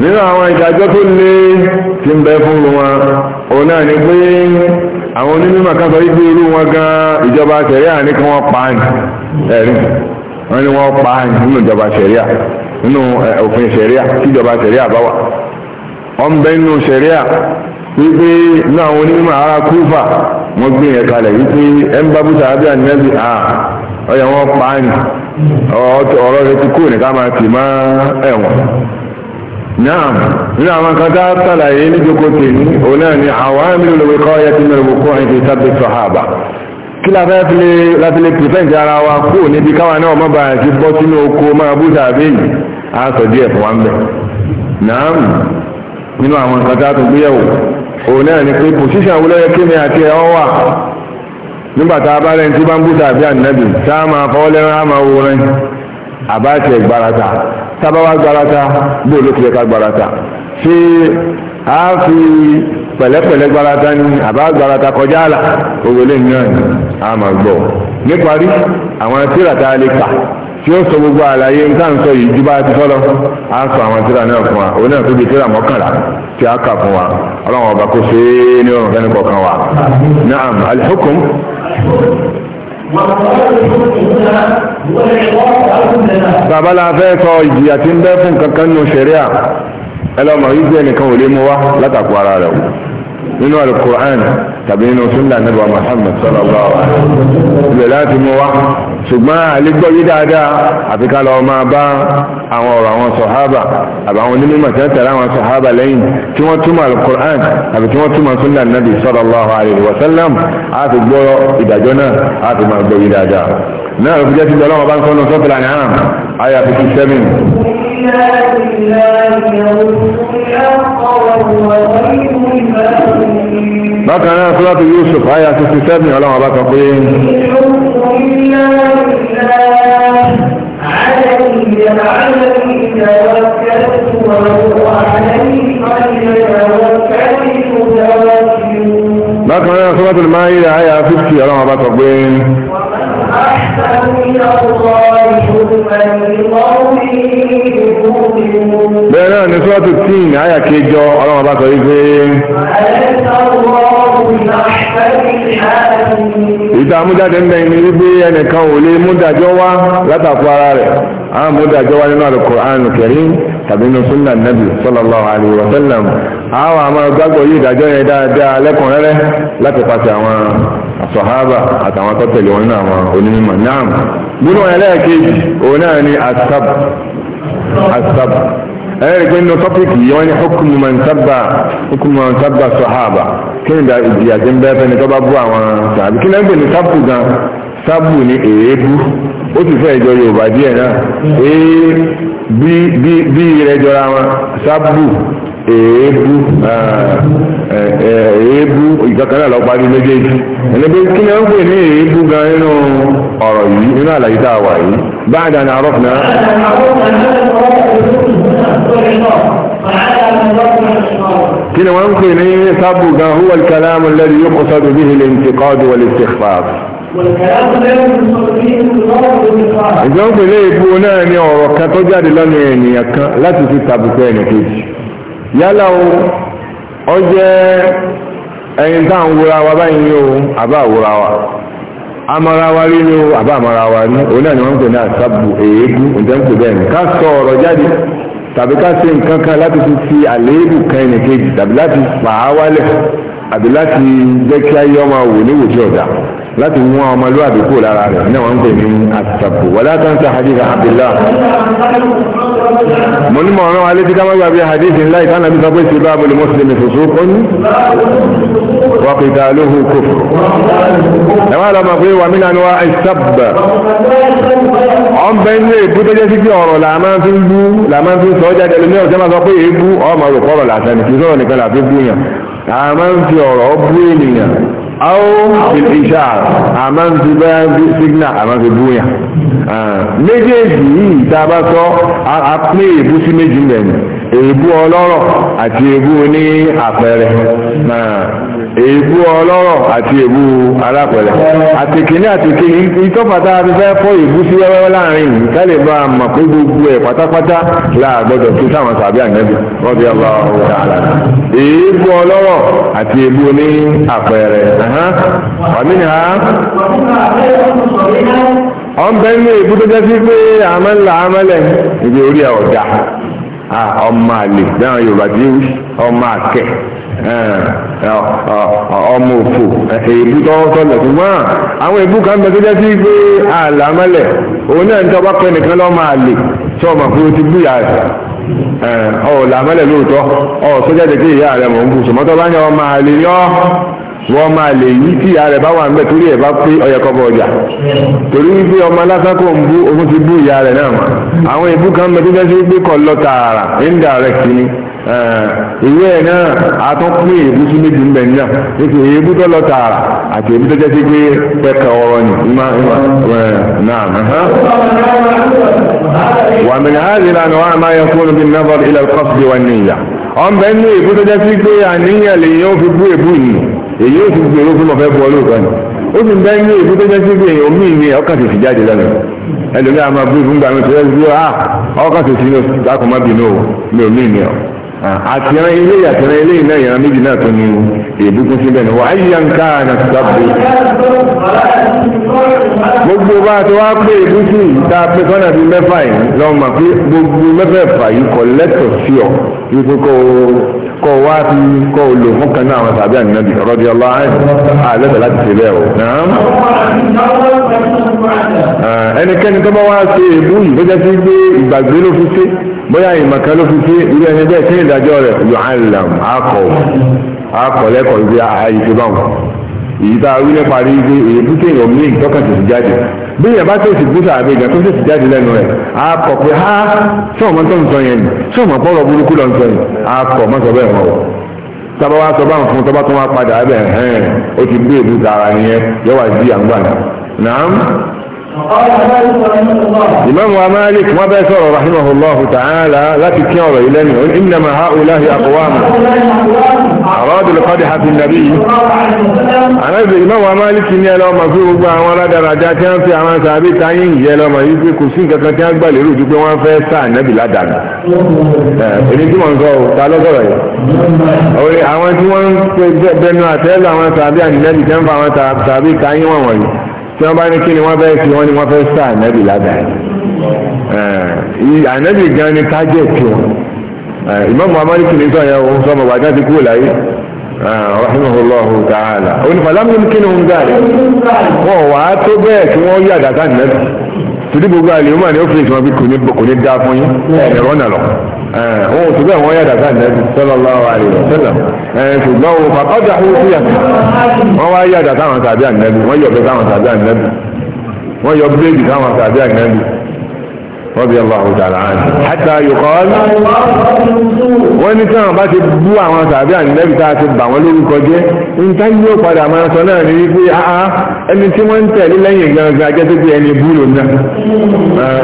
nínú àwọn ìdájọ́ tó lé tí ń bẹ fún wọn òun náà ni pé àwọn onímọ̀ kan sọ wípé irú wọn gan ìjọba sẹ̀ríà ní kí wọ́n pa ní ẹ̀rí wọ́n ní wọ́n pa nínú ìjọba sẹ̀ríà nínú òfin sẹ̀ríà tí ìjọba sẹ̀ríà bá wà nínú onímọ̀ ara kúfà gbé yẹn kalẹ̀ wípé ẹ̀ ń bá abíyá à ọ̀yà pa ní ọ̀rọ̀ rẹ náà nínú àwọn kan tá tàlàyé ní jókó tèmi o náà ni àwọn amílò lówó kọ́ yẹ ti mẹ́rin gbogbo àìsí sábẹ́ sọ̀hábà kí la fẹ́ fi láti lè pìfẹ́ǹtì ara wa kú níbi káwa náà má bàa ti bọ́ sínú oko máa bú tàbí yìí a sọ díẹ̀ fún wa ń bẹ̀ náà nínú àwọn kan tá tó gbéyàwó o náà ni pé pòsíṣàn wúlọ́ yẹ kí ni àti ẹ̀ wà nígbà tá a bá rẹ̀ ń tí bá ń bú tàbí ànábì tá a máa fọwọ́ lẹ́rán á máa wo rẹ̀ àbáàtì ẹ̀gbárata sábàwá gbárata bóò ló ti yẹ ká gbárata ṣé a fi pẹ̀lẹ́pẹ̀lẹ́ gbárata ní àbá gbárata kọjá àlà òwe lè ní ọ̀nà a máa gbọ́ níparí àwọn tíra tá a lè kà tí ó sọ gbogbo àlàyé nǹkan sọ yìí ju bá a ti fọ́lọ́ a sọ àwọn tíra náà fún wa òun náà tó di tíra mọ́kànlá tí a kà fún wa ọlọ́run ọba kò ṣe é ní ọ̀rùn fẹ́ni kọ̀ọ̀kan wa. naam alihukum bàbá la fẹ́ sọ ìjìyà tí ń bẹ fún kankan nínú ṣẹ̀ríà ẹlọ́mọ yìí jẹ́ nìkan ò lè mú wá látàkù ara rẹ̀ o nínú alukur'an tàbí nínú sunna nabi muhammad sallallahu alaihi wa sallam ibẹ̀ láti mú wá ṣùgbọ́n àlégbọ́yé dáadáa àfi ká lọ máa bá àwọn ọ̀rọ̀ àwọn sọ̀hábà àbáwọn onímọ̀ tí wọ́n tẹ̀lé àwọn sọ̀hábà lẹ́yìn tí wọ́n túmọ̀ alukur'an àbí tí wọ́n túmọ̀ sunna nabi sallallahu alayhi wa sallam a ti gbọ́ ìdájọ́ náà a máa gbọ́yé dáadáa náà ló fi lọ́wọ́ bá ń sọ́nà sọ́tìlá ní àm àyà fi seven. Thank bákan náà sọ́lọ́tù Yusuf àyà 67 ọlọ́run ọba kan pé bákan náà sọ́lọ́tù Máídà àyà 50 ọlọ́run ọba kan pé bẹ́ẹ̀ náà ní sọ́lọ́tù tíìn àyà kejọ ọlọ́run ọba kan pé ìtààmújáde ń bẹ ní wípé ẹnìkan ò lè múdàjọ́ wá látàkú ara rẹ̀ á múdàjọ́ wá nínú Al-Qur'an Karim tàbí nínú súnà nàbì sallallahu alaihi wa sallam àwọn àmọ́ gbàgbọ́ yìí ìdájọ́ yẹn dáadáa lẹ́kùnrẹ́rẹ́ láti pàṣẹ àwọn sàhábà àtàwọn tó wọn nínú àwọn onímọ̀ náà nínú ẹlẹ́ẹ̀kejì òun náà ni asab asab ẹ̀rẹ́ pé nínú tọ́pìkì yìí wọ́n ní hukumu man sabba hukumu man sabba sahaba kí ni ìjìyà ti ń bẹ́ẹ̀ fẹ́ni tó bá bú àwọn sàbí kí náà ń pè ní sábù gan sábù ní èébú ó ti fẹ́ ìjọ yorùbá díẹ̀ náà ee bí bí bí rẹ jọra wọn sábù èébú èébú ìkankan náà lọ́pàá ní méjèèjì ẹni pé kí ni wọ́n pè ní èébú gan nínú ọ̀rọ̀ a wà yìí báyìí ni àrọ́ fúnra. kí ni wọ́n pè ní sábù gan huwa al-kalam alladhi yuqsadu bihi al-intiqad wal-istikhfaf. ìjọba ilé ìbú náà ni ọ̀rọ̀ kan tó jáde lọ́nà ènìyàn kan láti fi tàbùkù ẹnì kejì yálà o ọ jẹ́ ẹni tá à ń wura wa báyìí ni o àbá àwura wa amara wa rí ni o àbá amara wa ní òun náà ni wọ́n ń pè ní àtàbù èébú ǹjẹ́ ń pè bẹ́ẹ̀ ni ká sọ ọ̀rọ̀ jáde tàbí ká ṣe nǹkan kan láti fi fi àléébù kan ẹnì kejì tàbí láti fà wálẹ̀ àbí láti jẹ́ kí ayé ọmọ wò ní wòjú ọ̀dà láti mú àwọn ọmọlúwàbí kúrò lára rẹ̀ náà wọ́n ń pè ní àtàkù wala tansa hadith Abdullah mo ní mọ̀ràn wa létí ká má gbàgbé hadith ńlá ìtàn àbí sọ pé ṣe bá abúlé mùsùlùmí fòfó kọ́ni wa qitaluhu kufr. ẹ má lọ mọ̀ pé wà mí lánàá àìsàbà ọ̀n bẹ ní èbú tó jẹ́ sí pé ọ̀rọ̀ là máa fi bú là máa ń sọ jáde lómi ọ̀sẹ̀ ọ̀ a máa ń fi ọ̀rọ̀ bú ènìyàn aw bil ishar a máa ń fi bẹ́ẹ̀ bí signal a máa fi ah, búyà méjèèjì yìí tá a bá sọ a pé èébú sí méjì ńlẹ̀ ni èébú ọlọ́rọ̀ àti èébú ní àpẹẹrẹ ah, èébú ọlọ́rọ̀ àti èébú alápẹ̀rẹ̀ àtìkíní àtìkíní ìtọ́fàtà ti fẹ́ fọ́ èébú sí wẹ́wẹ́ láàrin yìí ká lè bá a mọ̀ pé gbogbo ẹ̀ pátápátá láàgbọ́dọ̀ tó sáwọn sàbí àgbẹ̀bí rọ́bì ọlọ́rọ̀ èébú ọlọ́rọ̀ àti èébú ní àpẹẹrẹ hàn ọ̀mí ni ha ọ̀n bẹ́ẹ̀ ní ìbú tó jẹ́ sí pé àmàlà àmàlẹ̀ ìdí orí ọ̀dà ọmọ àlè dáhùn Yorùbá tí ọmọ àkẹ́ ọmọ òfò èébú tọ́wọ́ tọ́lẹ̀ ṣùgbọ́n àwọn èébú kan bẹ tó jẹ́ sí pé àlà mẹ́lẹ̀ òun náà ń tọ́ bá pẹ́ nìkan lọ́mọ àlè tí ọmọ fún ti bú ìyá rẹ̀ ọ̀là mẹ́lẹ̀ lóòótọ́ ọ̀ sójà jẹ́ kí ìyá rẹ̀ mọ̀ ń bù sọ̀mọ́tọ́ bá ń yọ ọmọ àlè yọ́ wọ́n máa lè yí tí ìyá rẹ̀ bá wà níbẹ̀ torí ẹ̀ bá pé ọyẹ kọ́ bọ ọjà torí wípé ọmọ lásán kò ń bú òun ti bú ìyá rẹ̀ náà àwọn ìbú kan mẹ tó fẹ́ sí wípé kọ lọ tààrà indirect ni ìwé ẹ̀ náà a tún pín èébú sí méjì ń bẹ̀ níyà nítorí èébú tó lọ tààrà àti èébú tó jẹ́ sí pé pẹ́ka ọ̀rọ̀ ni ìmá ìmá náà. ومن هذه الأنواع ما يكون بالنظر إلى القصد والنية. أم بأنه يقول لك أنية ليوفي بو يبوني èyí ó sì gbé owó fún ọ̀fẹ́ bu ọlọ́ọ̀tọ́ ni ó sì ń bẹ́ ní èyí tó jẹ́ sí pé omi ìní ọkàn sì fi jáde lẹ́nu ẹlòmíà máa bú ìfúngbà mi tó yẹ kí ó ọkàn sì sí ní oṣù má bínú mi ò mí ìní ọ̀ àtìrán ilé àtìrán ilé iná ìran méjì náà tó ní ìbùkún síbẹ̀ ní wàá yíyan ká àná sábò gbogbo bá a ti wá pé ìbùkún yìí tá a pé kọ́nà bíi mẹ́fà yìí lọ́mọ pé gbogbo mẹ́fẹ̀ẹ̀fà yìí kọ̀ lẹ́tọ̀ sí ọ wípé kó o kọ wá sí kọ lò fún kan náà àwọn tàbí ànínábì rọdí ọlá àlẹ́sẹ̀ láti ṣe bẹ́ẹ̀ o. ẹnikẹ́ni tó bá wá ṣe èébú yìí tó jẹ́ sí gbé ìgbàgbé ló fi ṣe bóyá ìmọ̀kan ló fi ṣe irú ẹni bẹ́ẹ̀ ìdájọ́ rẹ̀ yọ àìlàm akọ̀ akọ̀ lẹ́kọ̀ọ́ ibi ààyè tó bá wọn èyí tá a wí nípa rí pé èyí tó kéèyàn mílíọ̀nù tọ́kàn tètè jáde bí yẹn bá tètè gbúta àbí ìgbà tó tètè jáde lẹ́nu rẹ̀ á kọ̀ pé á sọ̀mọ́ tó ń sọ yẹn ni sọ̀mọ́ pọ́lọ̀ burúkú lọ ń sọ yẹn á kọ̀ mọ́sọ̀ bẹ́ẹ̀ wọ̀ tábà wá sọ báwọn fún tọ́ba tó wá padà ẹ̀ bẹ́ẹ̀ hẹ́n ó ti gbé ìlú tààrà nìyẹn yọ wá di Imam wa Malik wọ́n bẹ́ sọ̀rọ̀ rahimahullahu ta'ala láti kí ọ̀rọ̀ ilẹ̀ ni innama ha'ulahi aqwamu. Àrọ́dù lè kọ́dí hafi nàbí. Àrẹ́bì Imam wa Malik ní ẹlọ́ ma fi gbogbo àwọn aládàrájá tí wọ́n fi àwọn sàbí táyé ìyẹ́ lọ ma yí pé kò sí nǹkan kan tí wọ́n gbà lérò ju pé wọ́n fẹ́ sáà nẹ́bì ládàá. Èmi tí wọ́n ń sọ ta lọ́sọ̀rọ̀ yìí. Àwọn tí wọ́n ń bẹnu àtẹ́lẹ̀ àwọn sàbí ànílẹ́bì tẹ́ ń fa àwọn sàbí táyé wọ̀n wọ̀nyí tí wọ́n bá ní kí ni wọ́n fẹ́ sí wọ́n ni wọ́n fẹ́ sá ànábì ládàá ànábì gan ni tájẹ̀tì wọn Imam Muhammad kì ní sọ yẹn òun sọ bàbá àti kúrò láyé rahimahullahu ta'ala onífàlámù kí ni òun dáa wọn wàá tó bẹ́ẹ̀ tí wọ́n yàgàtà nẹ́bì tìdí gbogbo àlè wọn ni ó fi ìtumọ̀ bí kò ní kò ní dá fún yín ẹ̀rọ náà lọ wọn ò tùgbọ́ àwọn yàtọ̀ sáà nẹ́bí sallallahu alaihi wasallam ṣùgbọ́n wọn fàkọ́jà fún sí yàtọ̀ wọn wá yàtọ̀ sáwọn tàbí ànẹ́bí wọn yọ bẹ́ẹ̀ sáwọn tàbí ànẹ́bí wọn yọ bíléèdì sáwọn tàbí ànẹ́bí رضي الله تعالى عنه حتى يقال wọ́n ní sáwọn bá ti bú àwọn tàbí ànílẹ́bí tá a ti bà wọ́n lórúkọ jẹ́ ń tá yóò padà máa sọ náà ní wípé àá ẹni tí wọ́n ń tẹ̀lé lẹ́yìn gangan ajẹ́ tó pé ẹni bú lòun náà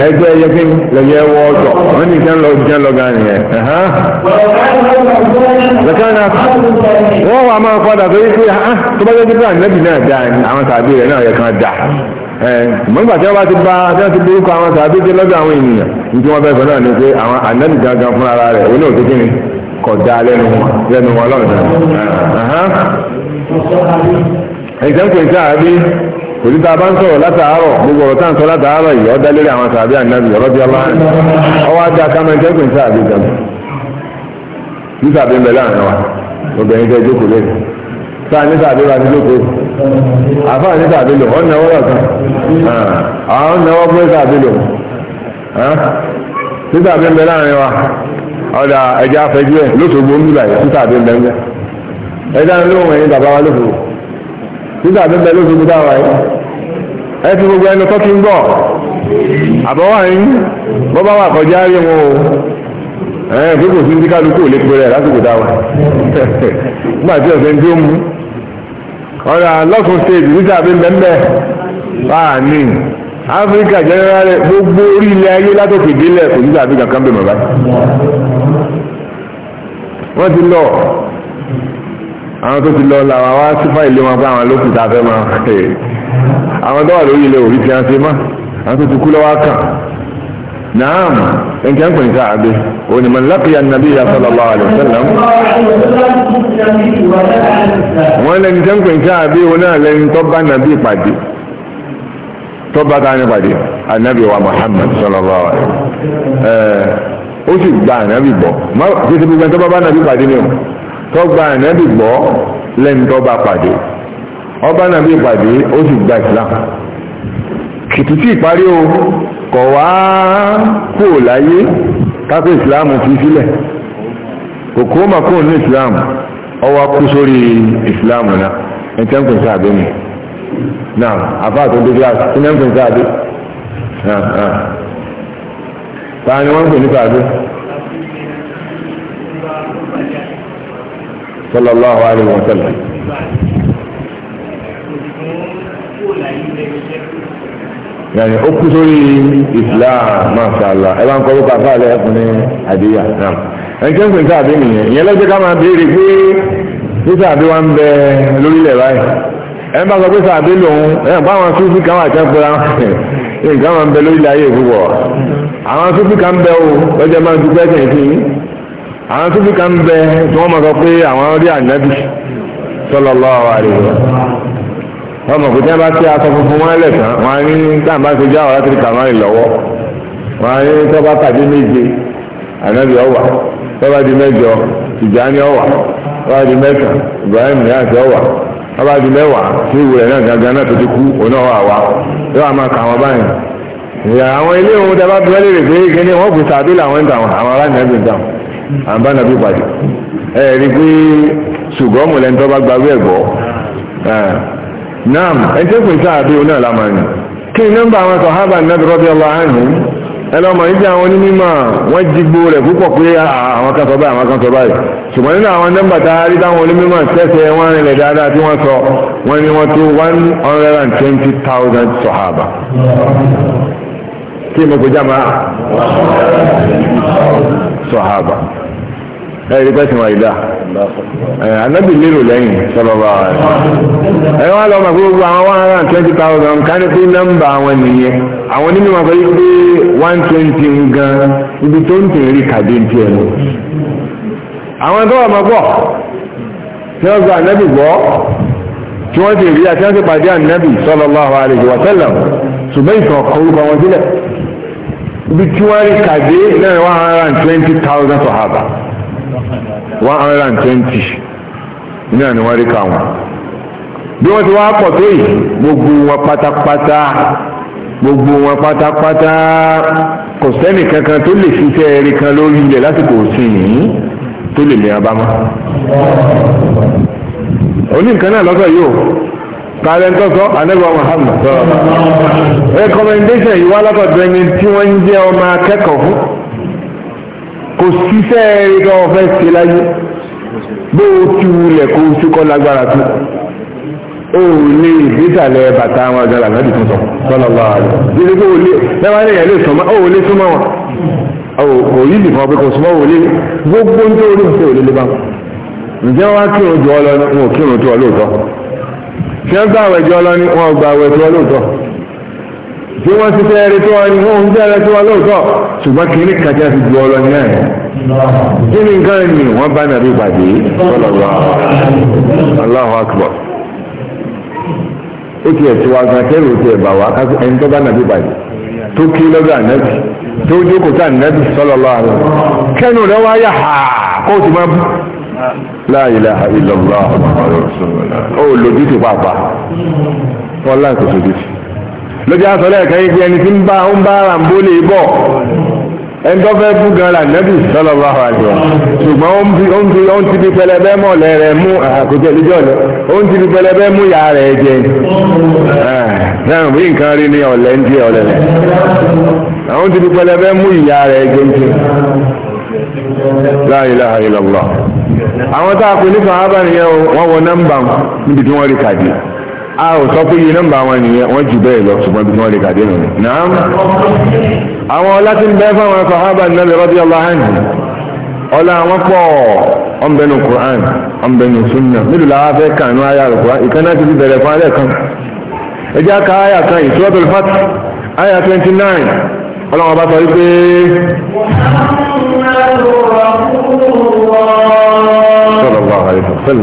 ẹgbẹ́ ẹyẹ kí lẹ́yẹ wọ ọ̀tọ̀ wọ́n ní kán lọ jẹ́ nìyẹn. wọ́n wà máa padà tó yí pé tó bá jẹ́ mọ̀gbà tí bá ti bá tí wọ́n ti bí ikọ̀ àwọn tàbí jẹ́ lọ́dọ̀ àwọn ènìyàn nítorí wọ́n fẹ́ náà ni pé àwọn ànábì gangan fún ara rẹ̀ oní òkè kí ni kọ̀ dá lẹ́nu wọn lẹ́nu wọn lọ́dọ̀. ẹ̀jẹ̀ tá a bá ń sọ̀rọ̀ látàárọ̀ gbogbo ọ̀rọ̀ tá à ń sọ látàárọ̀ yìí ọ̀dá àwọn tàbí ọ̀rọ̀ bí sáà ní sàbí wa ní lóko àfáà ní sàbí lò ọ̀nà ọwọ́ kan ọ̀nà ọwọ́ pé sàbí lò ní sàbí ah, ń bẹ láàrin wa ọ̀dà ẹja afẹ́jú ẹ̀ lóṣogbo ń bí báyìí ń bẹ ń bẹ ń lóhùn ẹ̀yìn bàbá wa lóṣogbo ń bẹ lóṣogbo dáwà yìí fi gbogbo tọ́kí ń bọ̀ àbọ̀wá yín bọ́ bá wà kọjá rí wọn o kálukú ò pẹ́rẹ́ lásìkò dáwà nígbà tí ọ̀sẹ̀ ọ̀rọ̀ lọ́sùn state níta bí bẹ́ẹ̀ báà ní áfíríkà general gbogbo orí ilẹ̀ ayé látòkè délẹ̀ kò níta bí kankan bẹ̀ mọ̀ báyìí wọ́n ti lọ àwọn tó ti lọ làwọn wá sífà ilé wọn pé àwọn lókùtà fẹ́ máa eh, àwọn tó wà lórí ilẹ̀ òrí ti hàn sí mọ́ àwọn tó ti kú lọ́wọ́ kàn نعم ان كان كن كعبه ولمن لقي النبي صلى الله عليه وسلم ولا ان كان كن كعبه ولا لن طبع النبي قدي طبع تاني قدي النبي ومحمد صلى الله عليه وسلم ó sì gba ànábì gbọ́ títí gbogbo ẹni tó bá bá ànábì pàdé ni o tó gba ànábì gbọ́ lẹ́nu tó bá pàdé ọba ànábì pàdé ó sì gba ìsìlámù kìtìtì ìparí o kọ̀ wá kò láyé kápẹ́ ìsìláàmù fi sílẹ̀ kòkó mà kò ní ìsìláàmù ọwọ́ kú sórí ìsìláàmù náà ẹni tẹ́ ń pè sáàbẹ̀ mi náà àfáà tó dé gíláàsì tí ń pè sáàbẹ̀ ta ni wọ́n pè ní sáàbẹ̀ sallallahu alaihi wa yàrá ó kú sórí islam masala ẹ bá ń kọ́ ló kà fáàlẹ́ ẹkùnrin àdéhà náà ẹnjẹ́ ń pè sáà bí nìyẹn ìyẹn lọ́jọ́ ká máa béèrè pé sísà bí wọ́n ń bẹ lórílẹ̀ báyìí ẹ bá sọ pé sáà bí lòun ẹ bá àwọn súnfì kan wà jẹ́ pẹ́ra nǹkan máa ń bẹ lórílẹ̀ ayé púpọ̀ àwọn súnfì kan bẹ o lọ́jọ́ máa dúpẹ́ kẹ̀yìn àwọn súnfì kan bẹ tí wọ́n máa sọ pé àwọn rí ànábì sallallahu alaihi wasallam ọmọ kò jẹ́ bá tí aṣọ funfun wọn lẹ̀ tán wọn á ní táǹbà ṣe jẹ́ àwọn láti kàmá ìlọ́wọ́ wọn á ní tọ́ba tàbí méje ànábì ọ̀wà tọ́ba di mẹ́jọ ìjáni ọ̀wà tọ́ba di mẹ́ta Ibrahim yáàtì ọ̀wà tọ́ba di mẹ́wàá tí ìwúrẹ̀ náà gangan náà tó ti kú òun ọ̀wà wa yóò máa kà wọ́n báyìí ìyá àwọn ilé òun tẹ́ bá fi wẹ́lẹ̀ rèé pé kíní wọ́n fi sàbí làwọn ń naam ẹjẹ́ pè sáà bí oní àlámà ni kí ni nọ́mbà àwọn sọ̀hábà nàbì radiyallahu anhum ẹlọ́mọ ìjà àwọn onímọ̀ wọ́n jigbó rẹ̀ púpọ̀ pé ah, ah, àwọn kan sọ báyìí àwọn kan sọ báyìí ṣùgbọ́n nínú àwọn nọ́mbà tá a rí táwọn onímọ̀ tẹ́sẹ̀ wọ́n rìnlẹ̀ dáadáa tí wọ́n sọ wọ́n ní wọ́n tó one hundred and twenty thousand sọ̀hábà kí ni mo kò já máa sọ̀hábà ẹ̀rí pẹ́sìn wà ìdá anábì lérò lẹ́yìn sọlọ́ba ẹ̀ wọ́n lọ́mọ pé gbogbo àwọn one hundred and twenty thousand ká ní pé nọ́mbà àwọn nìyẹn àwọn onímọ̀ sọ yìí pé one twenty gan ibi tó ń tẹ̀rí kàdé ń tiẹ̀ lọ. àwọn tó wà máa bọ̀ tí wọ́n gba anábì gbọ́ tí wọ́n ti rí àti wọ́n ti pàdé anábì sallallahu alaihi wa sallam ṣùgbọ́n ìtàn orúkọ wọn sílẹ̀ ibi tí wọ́n rí kàdé náà one hundred and twenty thousand sọ̀hábà one hundred and twenty ní àná wọ́n rí kà wọ́n bí wọ́n ti wá pọ̀ tó yìí gbogbo wọn pátápátá gbogbo wọn pátápátá kò sẹ́nì kankan tó lè fi iṣẹ́ eré kan lórí ilẹ̀ lásìkò sí yìí tó lè lè abámá oní nǹkan náà lọ́sọ̀ yìí o kàlẹ́ńtọ́sọ́ anẹ́gbà Muhammad recommendation yìí wá lọ́kọ̀ọ́dọ̀ ẹni tí wọ́n ń jẹ́ ọmọ akẹ́kọ̀ọ́ fún kò síṣẹ́ eré kan ọ̀fẹ́ ṣe láyé bó o ti wulẹ̀ kó o ti kọ́ lágbára tó o lè gbésàlẹ̀ bàtà àwọn ọ̀dọ́là láti tún sọ sọ́lá bá a lọ. Dídí kó o lè lẹ́wọ́n lè yẹn lè sọ́mọ́ o lè súnmọ́ wọn. Kò yí nìkan pé kò súnmọ́ o lè gbogbo ń tó orí ìṣe òlélẹ́ bá wọn. Ǹjẹ́ wọ́n á kírun jù ọ lọ ní wọn ò kírun tó ọ lóòótọ́? Ṣé ń gbà wẹ̀ jù ọ lọ wọn ò gbà wẹ̀ tó ọ lóòótọ́? tí wọ́n ti fẹ́ rí tí wọ́n ní wọ́n ń bẹ̀rẹ̀ tí wọ́n lóòótọ́ ṣùgbọ́n kì ní kàjá fi ju ọlọ náà kí ni nǹkan ni wọ́n bá nàbí pàdé sọ́lọ́lọ́ Allahu Akbar ó ti ẹ̀ tí wọ́n gan kẹ́rù ti ẹ̀ bà wá kásì ẹni tó bá nàbí pàdé tó kí lọ́dọ̀ ànábì tó jókòó tá ànábì sọ́lọ́lọ́ àrùn kẹ́nu rẹ̀ wá yà hà kó o ti máa bú la ilaha illallah ọ̀rọ̀ sọ̀rọ̀ náà ó lòdì sí pàápàá lọ́jọ́ aṣọ lẹ́ẹ̀kan yìí pé ẹni tí ń bá ń bá ràǹbó lè bọ̀ ẹni tó fẹ́ fún gan lànàbì sallallahu alaihi wasallam ṣùgbọ́n ó ń fi ó ń fi ó ń ti fi pẹlẹbẹ mọ̀ lẹ́rẹ̀ mú àkójọ ìdíjọ́ lọ ó ń ti fi pẹlẹbẹ mú ìyá rẹ̀ jẹ náà bí nǹkan rí ni ọ̀lẹ́ ń jẹ ọ̀lẹ́ rẹ̀ àwọn ti fi pẹlẹbẹ mú ìyá rẹ̀ jẹ ń jẹ la ilaha illallah àwọn tá a pè ní sàhábà nìyẹn wọ́n wọ nọ́mbà níbi tí wọ́n rí kàdí a ò sọ pé iye nọ́mbà wọn nìyẹn wọ́n jù bẹ́ẹ̀ lọ ṣùgbọ́n bí wọ́n lè kàdé nù nàám àwọn ọlá tí ń bẹ fáwọn sàhábà nàbẹ radiyallahu anhu ọlá wọn pọ̀ ọ̀nbẹ́nu Qur'an ọ̀nbẹ́nu sunna nílùú làwọn afẹ́ kànú ayà Qur'an ìkànnà ti fi bẹ̀rẹ̀ fún alẹ́ kan ẹjẹ́ ká ayà kan Suratul Fath ayà 29 ọlọ́wọ́n bá sọ wípé sallallahu alaihi wasallam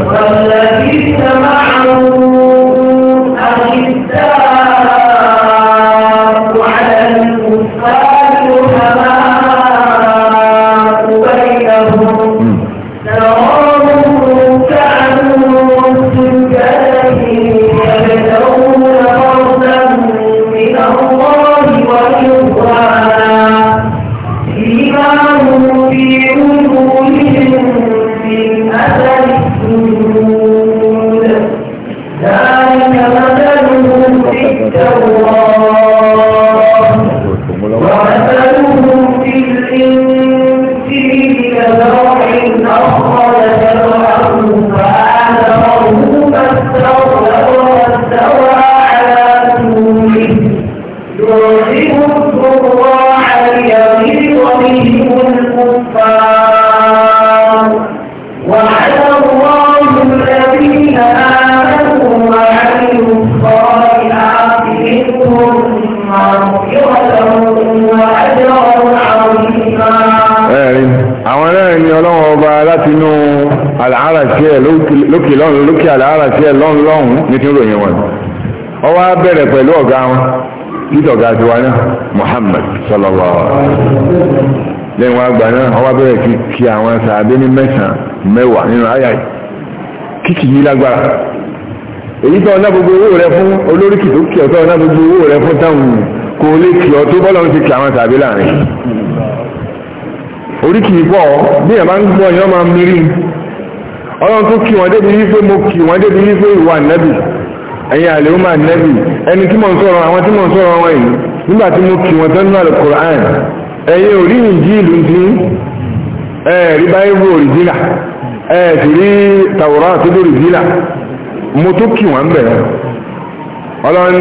lókè àlàárà sí ẹ lọ́n lọ́hùn ní tí ń ọ wá bẹ̀rẹ̀ pẹ̀lú ọ̀gá wọn títọ̀ ga tiwa náà Muhammad sallallahu àgbà náà ọ wá bẹ̀rẹ̀ kí àwọn sàbẹ́ ní mẹ́sàn-án mẹ́wàá nínú àyà kíkì yìí lágbára rẹ fún olórí kìtó ọ̀tọ̀ ọ̀nà rẹ fún táwọn kò lè kì tó ti kì àwọn láàrin pọ̀ bí ẹ̀ ń gbọ́ ọlọ́run tó kí wọ́n débi wípé mo kí wọ́n débi wípé ìwà nẹ́bì ẹ̀yin àlèhùn máa nẹ́bì ẹni tí mò ń sọ̀rọ̀ àwọn tí mò ń sọ̀rọ̀ wọn yìí nígbà tí mo kí wọ́n tán alukur'an ẹ̀yin ò rí ìlú ti ẹ̀ báyìí òrìjìnà ẹ̀ tàwòrán àtúndò òrìjìnà mo tó kí wọ́n bẹ̀rẹ̀ ọlọ́run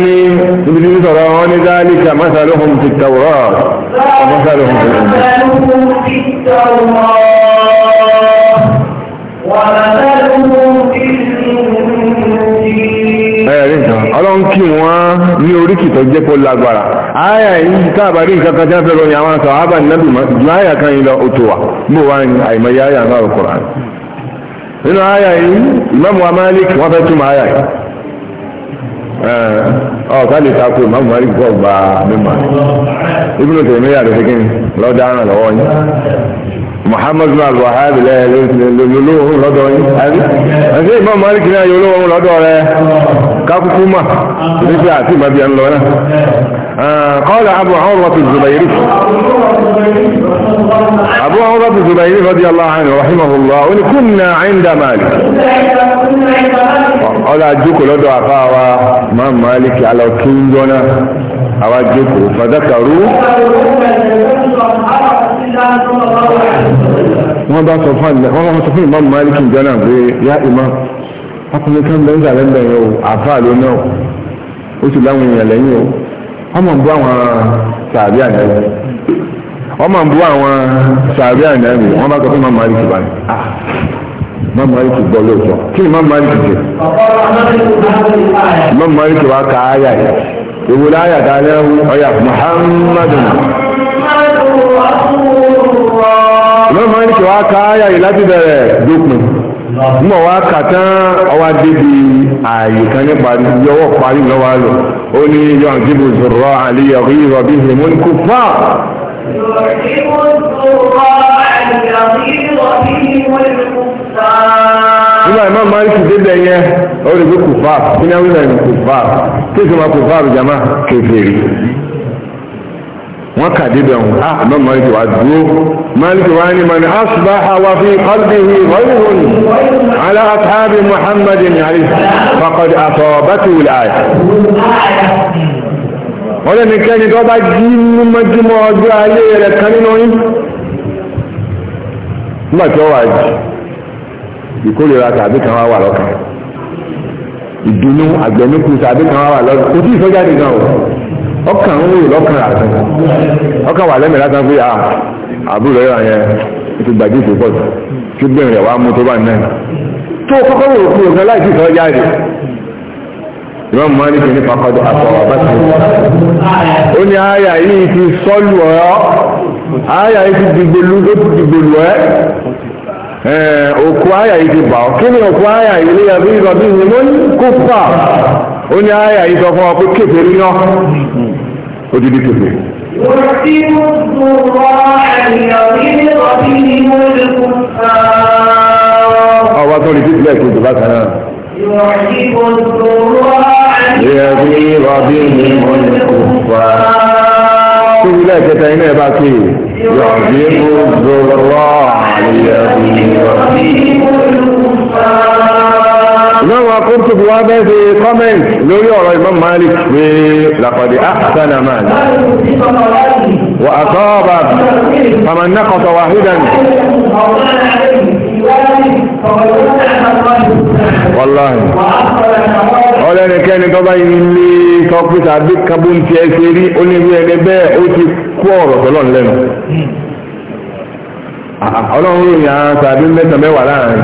ní ẹ̀rí nǹkan ọlọ́run kí wọ́n ní oríkì tó jẹ́ kó lágbára àyà yìí káàbà rí nǹkan kan tí wọ́n fẹ́ lọ ní àwọn àṣà àbá nínú ju àyà kan yìí lọ òtò wà bó wá ní àìmọye àyà náà kọ̀ọ̀rọ̀ àná nínú àyà yìí ìmáàmù amálík wọ́n fẹ́ túmọ̀ àyà yìí ọ̀ká lè takò ìmáàmù amálík bọ̀ gba mímọ́ ibùdó tèmi yàrá ṣe kí ni lọ́dọ̀ àrùn lọ́wọ́ محمد بن الوهاب لا ohun lọ́dọ̀ yìí àbí àti ìbọn malik náà yóò lówó ohun lọ́dọ̀ rẹ̀ kákúkú mà níbi قال أبو عروة الزبيري أبو عروة الزبيري رضي الله عنه رحمه الله وإن كنا عند مالك قال أجوك لدعا قاوة ما مالك على كنجنا أو أجوك فذكروا wọ́n bá sọ fún wọ́n bá sọ fún ìmọ̀ máàlìkì jọ́nà pé yá ìmọ̀ ọkùnrin kan bẹ́ẹ̀ otu o àfáà ló náà ó sì láwọn èèyàn lẹ́yìn o wọ́n mọ̀ bú àwọn sàbí ànábì wọ́n mọ̀ bú àwọn sàbí ànábì wọ́n bá sọ fún ìmọ̀ máàlìkì báyìí ah, maliki máàlìkì gbọ́ lóòótọ́ kí ni mọ̀ jẹ́ wá áyà ìmọ̀ máa ní kí wá ká ayà yìí láti bẹ̀rẹ̀ dópin mọ̀ wá kà tán ọwá débi ààyè kan nípa yọwọ́ parí lọ́wọ́ lọ ó ní yọ àǹtíbù zọ̀rọ̀ àlẹ́ ọ̀rí ìrọ̀bí ìhìmú ní kò fà. nígbà ìmọ̀ máa ní kì débẹ̀ yẹn ó lè gbé kò fà kí ní àwọn ìlànà kò fà kí ìsọmọ kò fà àbújámá kẹfẹ́ wọ́n kà débẹ̀ wọn á ah, mọ̀ máa dúró مالك واني من أصبح وفي قلبه غير على أصحاب محمد عليه فقد أصابته الآية wọ́n lè nìkan ẹni tó bá jí nínú mọ́júmọ́ ọjọ́ ayé rẹ̀ kan nínú yín nígbà tí ó wà jí ìkórìíra tàbí kan wá wà lọ́kàn ìdùnnú àgbẹ̀nukú tàbí kan wá wà lọ́kàn kò tí ìsọ́jáde gan o ọkàn ń wò lọ́kàn àtàn ọkàn wà lẹ́mìí látàn fún yàrá àbúrò rẹ̀ yẹn ti gbàgbé ìpè pọ̀ jù kí gbẹ̀rẹ̀ rẹ̀ wá mú tó bá náà tó kọ́kọ́ wò ó nǹkan láì sí ìfọwọ́ jáde ìwọ́n mọ́ ní kìíní pàpàdé àtọ̀wà bá ti ó ní àyà yìí ti sọ́lù ọ̀rọ̀ àyà yìí ti dìgbòlù ó ti dìgbòlù ẹ́ òkú àyà yìí ti bà ọ́ kí ni òkú àyà yìí lè yàgbé ìgbà bí ìwé lónìí kó fà ó ní àyà yìí sọ fún ọ pé kéfèé náà ó ti di kéfèé يرسل الضراع ليغيظ بهم الكفار أو أقول في ذلك الدبات يعجب الضراع ليغيظ بهم الكفار كل ذلك تعنى باكي يعجب الضراع ليغيظ بهم الكفار Imam Qurtubi wá bẹ́ẹ̀ ṣe kọ́mẹ̀ntì lórí ọ̀rọ̀ Imam Malik pé làkọ̀dé àṣàna máa ní. Wà á sọ́ ọ̀bà àmà nàkọ̀tọ̀ wàhídà ní. Wàláhì. Ọlẹ́nikẹ́ni tó bá yin lé sọ pé tàbí kábó ń tiẹ̀ ṣe rí oníwé ẹni bẹ́ẹ̀ ó ti kú ọ̀rọ̀ tọ́lọ́ lẹ́nu. Ọlọ́run ròyìn àwọn tàbí mẹ́ta mẹ́wàá láàrin.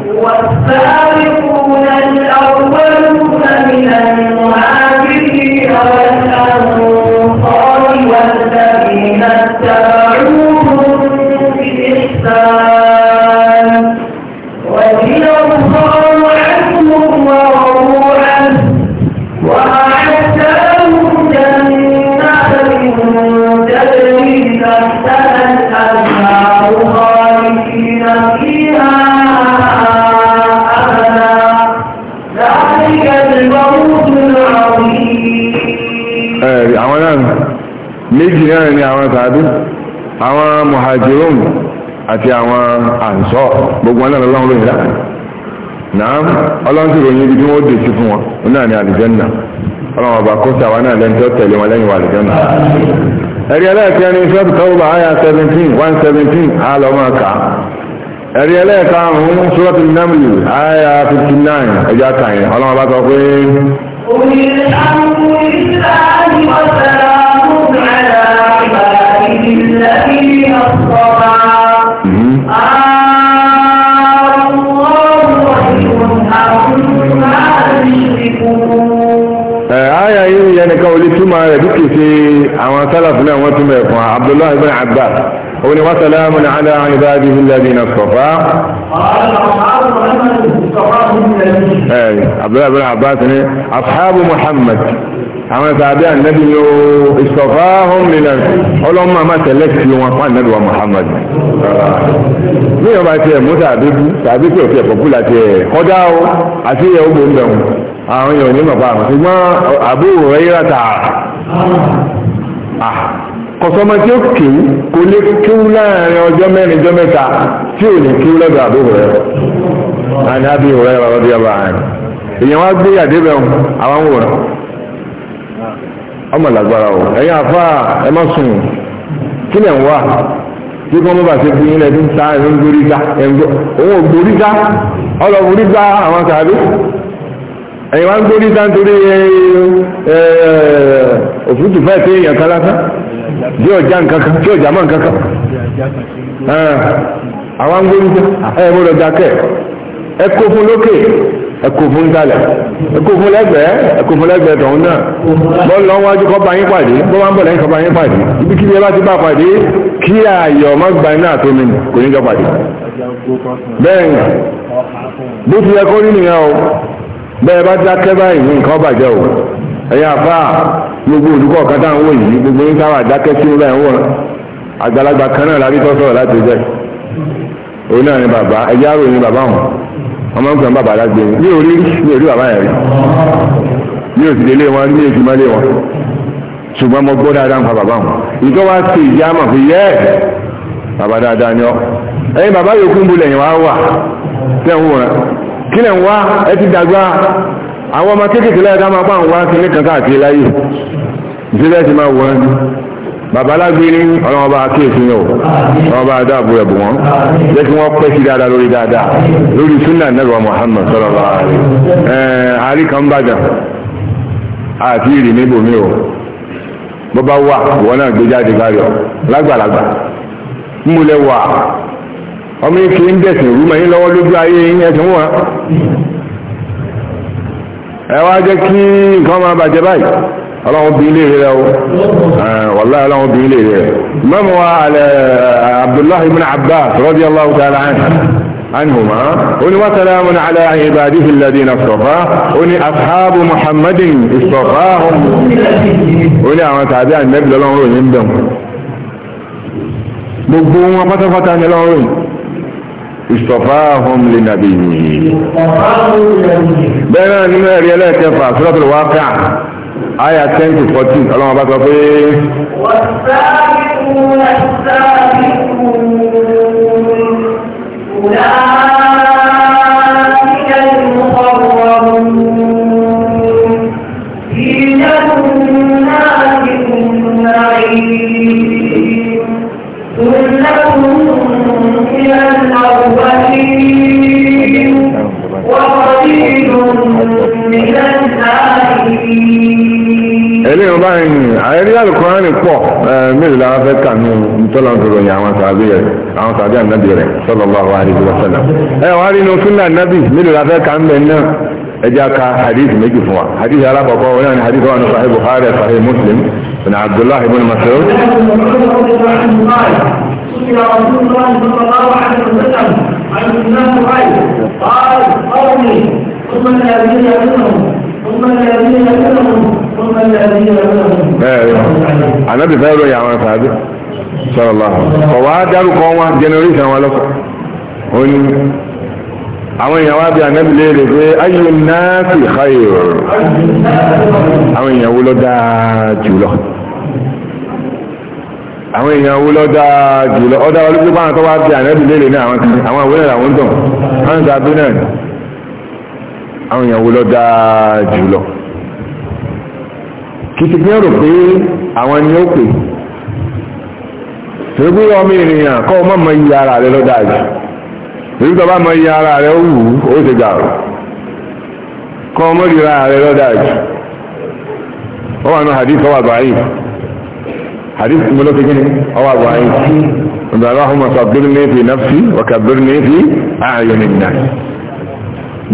والسابقون الأولون من المهاجرين والأنصار èèyàn ni àwọn tàbí àwọn muhajirun àti àwọn àǹsọ́ gbogbo náà lọ́wọ́ lóyìn láà náà ọlọ́run sì ròyìn ibi tí wọ́n dè sí fún wọn náà ni àlùjẹ́nà ọlọ́run ọba kọ́sí àwọn náà lẹ́ni tó tẹ̀lé wọn lẹ́yìn àlùjẹ́nà ẹ̀rí ẹlẹ́ẹ̀kẹ́ ni sọ́ọ̀tù tọ́wọ́bà àyà 17 117 alọ́mọ̀ọ́kà ẹ̀rí ẹlẹ́ẹ̀kàrùn-ún sọ́ọ̀tù nàmìlì àyà 59 ẹjọ́ àtàyẹ̀ ọba sọ pé túmọ̀ rẹ̀ bí kìí ṣe àwọn sálàfù náà wọ́n túmọ̀ ẹ̀fọn abdullahi ibn abbas òun ni wọ́n sàlámù ní àdá àwọn ìbá bí hílẹ̀ bí na sọ̀fà. abdullahi ibn abbas ni ashabu muhammad àwọn ìsàbí ànẹ́bí ni ó ìsọ̀fà homeland ọlọ́mọ àmà tẹ̀lẹ́kì wọn fún ànẹ́bí wa Muhammad ní ìyọba tiẹ̀ mú tàbí bú tàbí tí òfin ẹ̀kọ́ kúlà tiẹ̀ kọjá o àti ìyẹ̀ ogbò ń bẹ̀rù àwọn èèyàn ní bàbá àwọn ṣùgbọ́n àbúrò rẹ̀ yíra tààrà kọ̀sọ́mọ tí ó kéwú kò lè kéwú láàrin ọjọ́ mẹ́rin ọjọ́ mẹ́ta tí ò ní kéwú lọ́dọ̀ àbúrò rẹ̀ àní àbí òrẹ́ rẹ̀ lọ́dọ̀ yàrá rẹ̀ èèyàn wá gbé yàdébẹ̀ àwọn wòrán ọmọ làgbára o ẹ̀yin àfa ẹ má sùn kí lẹ̀ ń wá bí wọ́n mọ́ bá ṣe fún yín lẹ́dún ta ẹ̀rọ ń gorí ga òun ò gorí ga ọlọ gorí ga àwọn kàbí ẹ̀yin wá ń gorí ga nítorí òfúrufú fẹ́ pé èèyàn kan lásán bí ọjà nǹkan kan tí ọjà mọ́ nǹkan kan àwọn ń gorí ga ẹ̀ mọ́ lọ dákẹ́ ẹ kó fún lókè ẹkọ fún ìsàlẹ̀ ẹkọ fún lẹ́gbẹ̀ẹ́ ẹkọ fún lẹ́gbẹ̀ẹ́ tọ̀hún náà bọ́ọ̀lù lọ́wọ́ wájú kọ́ bá yín pàdé bọ́ máa ń bọ̀ lẹ́yìn kọ́ bá yín pàdé ibi kí ni ẹ bá ti bá pàdé kí ààyè ọmọ gba iná àtomi kò ní jọ pàdé. bẹ́ẹ̀ ni bó ti yẹ kó rí nìyẹn o bẹ́ẹ̀ bá dákẹ́ báyìí nǹkan bàjẹ́ o ẹ̀yin àfa gbogbo olùkọ́ kátà ń wò yìí gbogbo yín káwà dákẹ́ sí ilé ẹ̀wọ̀n àgbàlagbà kan náà lábí tọ́sọ̀rọ̀ láti jẹ́ òun náà ni bàbá ẹ̀yà ròyìn bàbá wọn ọmọ ń gbọ́n bàbá alágbé mi yóò rí yóò rí bàbá yẹn rí yóò sì délé wọn ní èsì mọ́lé wọn ṣùgbọ́n mo gbọ́ dáadáa ń pa bàbá wọn ìjọ wa ṣe ìyá àmọ̀ fi yẹ bàbá dáadáa ni ọ ẹyin bàbá yòókù ń bulẹ̀ yẹn wá wà tẹ̀ ń wọ̀n kí lẹ̀ ń wá ẹ ti dàgbà àwọn ọmọ kéékèèké láyé ká máa bá àwọn wá sí ní kankan àti láyé ìṣẹ́lẹ̀ ti máa wọ̀ ẹ́ babalágbére ọlọ́wọ́n bá kéèsì yẹn o ọlọ́wọ́n bá dáàbò ẹ̀bùn wọn jẹ́ kí wọ́n pẹ́ sí dáadáa lórí dáadáa lórí súnà nẹ́rọ Muhammad sọ́lọ́lá ẹ̀ àárí kan bàjá àti ìrì níbòmí o bọ́ bá wà wọ́n náà gbé jáde bá rẹ̀ lágbàlagbà múlẹ̀ wà ọmọ ìkí ń bẹ̀sìn rúmọ̀ yín lọ́wọ́ lójú ayé yín ẹ̀sìn wọn ẹ wá jẹ́ kí nǹkan máa bàjẹ́ báyìí ọlọ́run bí ilé rẹ̀ o wàlá ọlọ́run bí ilé rẹ̀ mọ́mọ́ wa abdullahi ibn abbas radiyallahu ta'ala anhu عنهما قل وسلام على عباده الذين اصطفى قل اصحاب محمد اصطفاهم قل يا متابع النبي لهم رؤيا gbogbo wọn pátápátá ni lọ́rùn ìṣọ̀fáhùn lè nàbí yìí bẹ́ẹ̀ náà nínú ẹ̀rí ẹlẹ́ẹ̀kẹfà suratul Waqi'a àyà 10 to 14 ọlọ́run bá sọ pé wọ́n sáà yẹn báyìí ni àyẹ̀rí alukurani pọ̀ mélòó la fẹ́ kà nù ntọ́lá ntọ́lá yẹn àwọn sàbí rẹ̀ àwọn sàbí ànábì rẹ̀ sallallahu alaihi wa sallam. ẹ wàá rí inú sunna ànábì mélòó la fẹ́ kà ń bẹ̀ náà ẹ jẹ́ ká hadith méjì fún wa hadith alákọ̀ọ́kọ́ wọn yàn ní hadith wọn sahih bukhari sahih muslim bin abdullahi bin mas'ud. قال قومي ثم الذين يؤمنون ànábì fẹ́ ròyìn àwọn àfààbí sọ̀rọ̀lá ọ̀wá dárúkọ wọn generation wọn lọ́kọ̀ ó ní àwọn èèyàn wá bí ànábì léèrè pé ayé náà sì xayò àwọn èèyàn wo ló dáa jùlọ àwọn èèyàn wo lọ dáa jùlọ ọ̀dà olùkọ́ báwọn tó wá bí ànábì léèrè náà àwọn àwọn ìwé náà làwọn ń tàn àwọn náà àwọn èèyàn wo lọ dáa jùlọ kìtì fi rò pé àwọn ni ó pè torí pé ọmọ ènìyàn kọ́ ọmọ mọ iye ara rẹ lọ dáa jù èyí tó bá mọ iye ara rẹ ó wù ó ti gbà rò kọ́ ọmọ ìrà rẹ lọ dáa jù ó wà nù hadith ọwà báyìí hadith mo ló fi kí ni ọwà báyìí ọ̀dọ̀ aláhùn mọ̀ sàbírní fi nafsi wà kàbírní fi ààyè nìyàn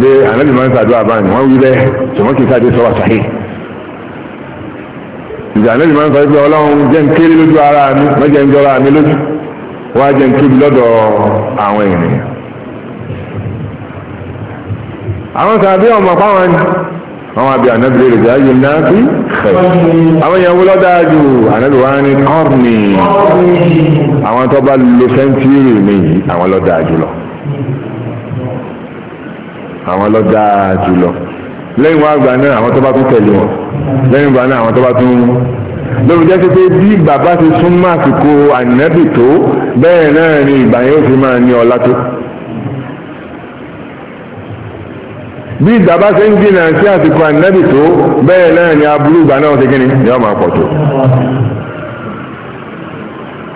de anabi máa ń sàdúrà báyìí wọ́n wí bẹ́ẹ̀ ṣùgbọ́n kì í sáà dé sọ́wọ́ sàhí. ìjà anabi máa ń sọ pé ọlọ́run jẹ́ ń kéré lójú ara mi mẹ́jẹ̀ ń jọra mi lójú wọ́n á jẹ́ ń tóbi lọ́dọ̀ àwọn ènìyàn. àwọn sàbí ọmọ fáwọn ni àwọn àbí anabi lè rèjì ayé náà sí xẹ̀rẹ̀. àwọn yẹn wúlọ́ dáa ju anabi wa ni kọ́ọ̀nì àwọn tó bá lo sẹ́ńtírì mi àwọn lọ́ dáa jù lọ àwọn ló dáa jùlọ lẹ́yìn wá gbà náà àwọn tó bá tún tẹ̀lé wọn lẹ́yìn gbà náà àwọn tó bá tún lórí jẹ́ pé bí bàbá ti sún mọ́ àsìkò ànábì tó bẹ́ẹ̀ náà ni ìgbà yóò fi máa ní ọlá tó. bí ìdàbá ṣe ń jìnnà sí àsìkò ànábì tó bẹ́ẹ̀ náà ni aburú ìgbà náà ti kí ni yóò máa pọ̀ tó.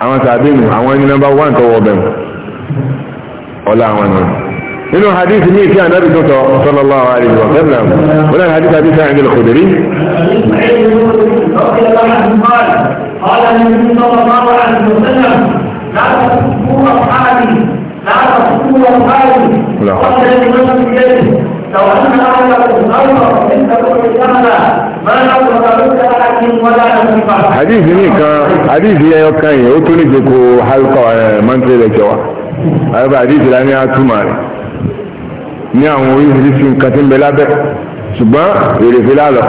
àwọn tàbí nù àwọn ẹni nọ́mbà wà ń tọwọ́ bẹ̀rù ọlá àwọn náà. إنه حديث ní كان ànábì صلى الله عليه وسلم لا تسبوا حديث لا تسبوا اصحابي قال لمن بيده حديث نيك حديث يا يوكاي وتوني جكو حلقه آه، منزل جوا هذا حديث لاني اتماري ní àwọn oríṣiríṣi nǹkan tí ń bẹ lábẹ́ ṣùgbọ́n èrèfé lálọ́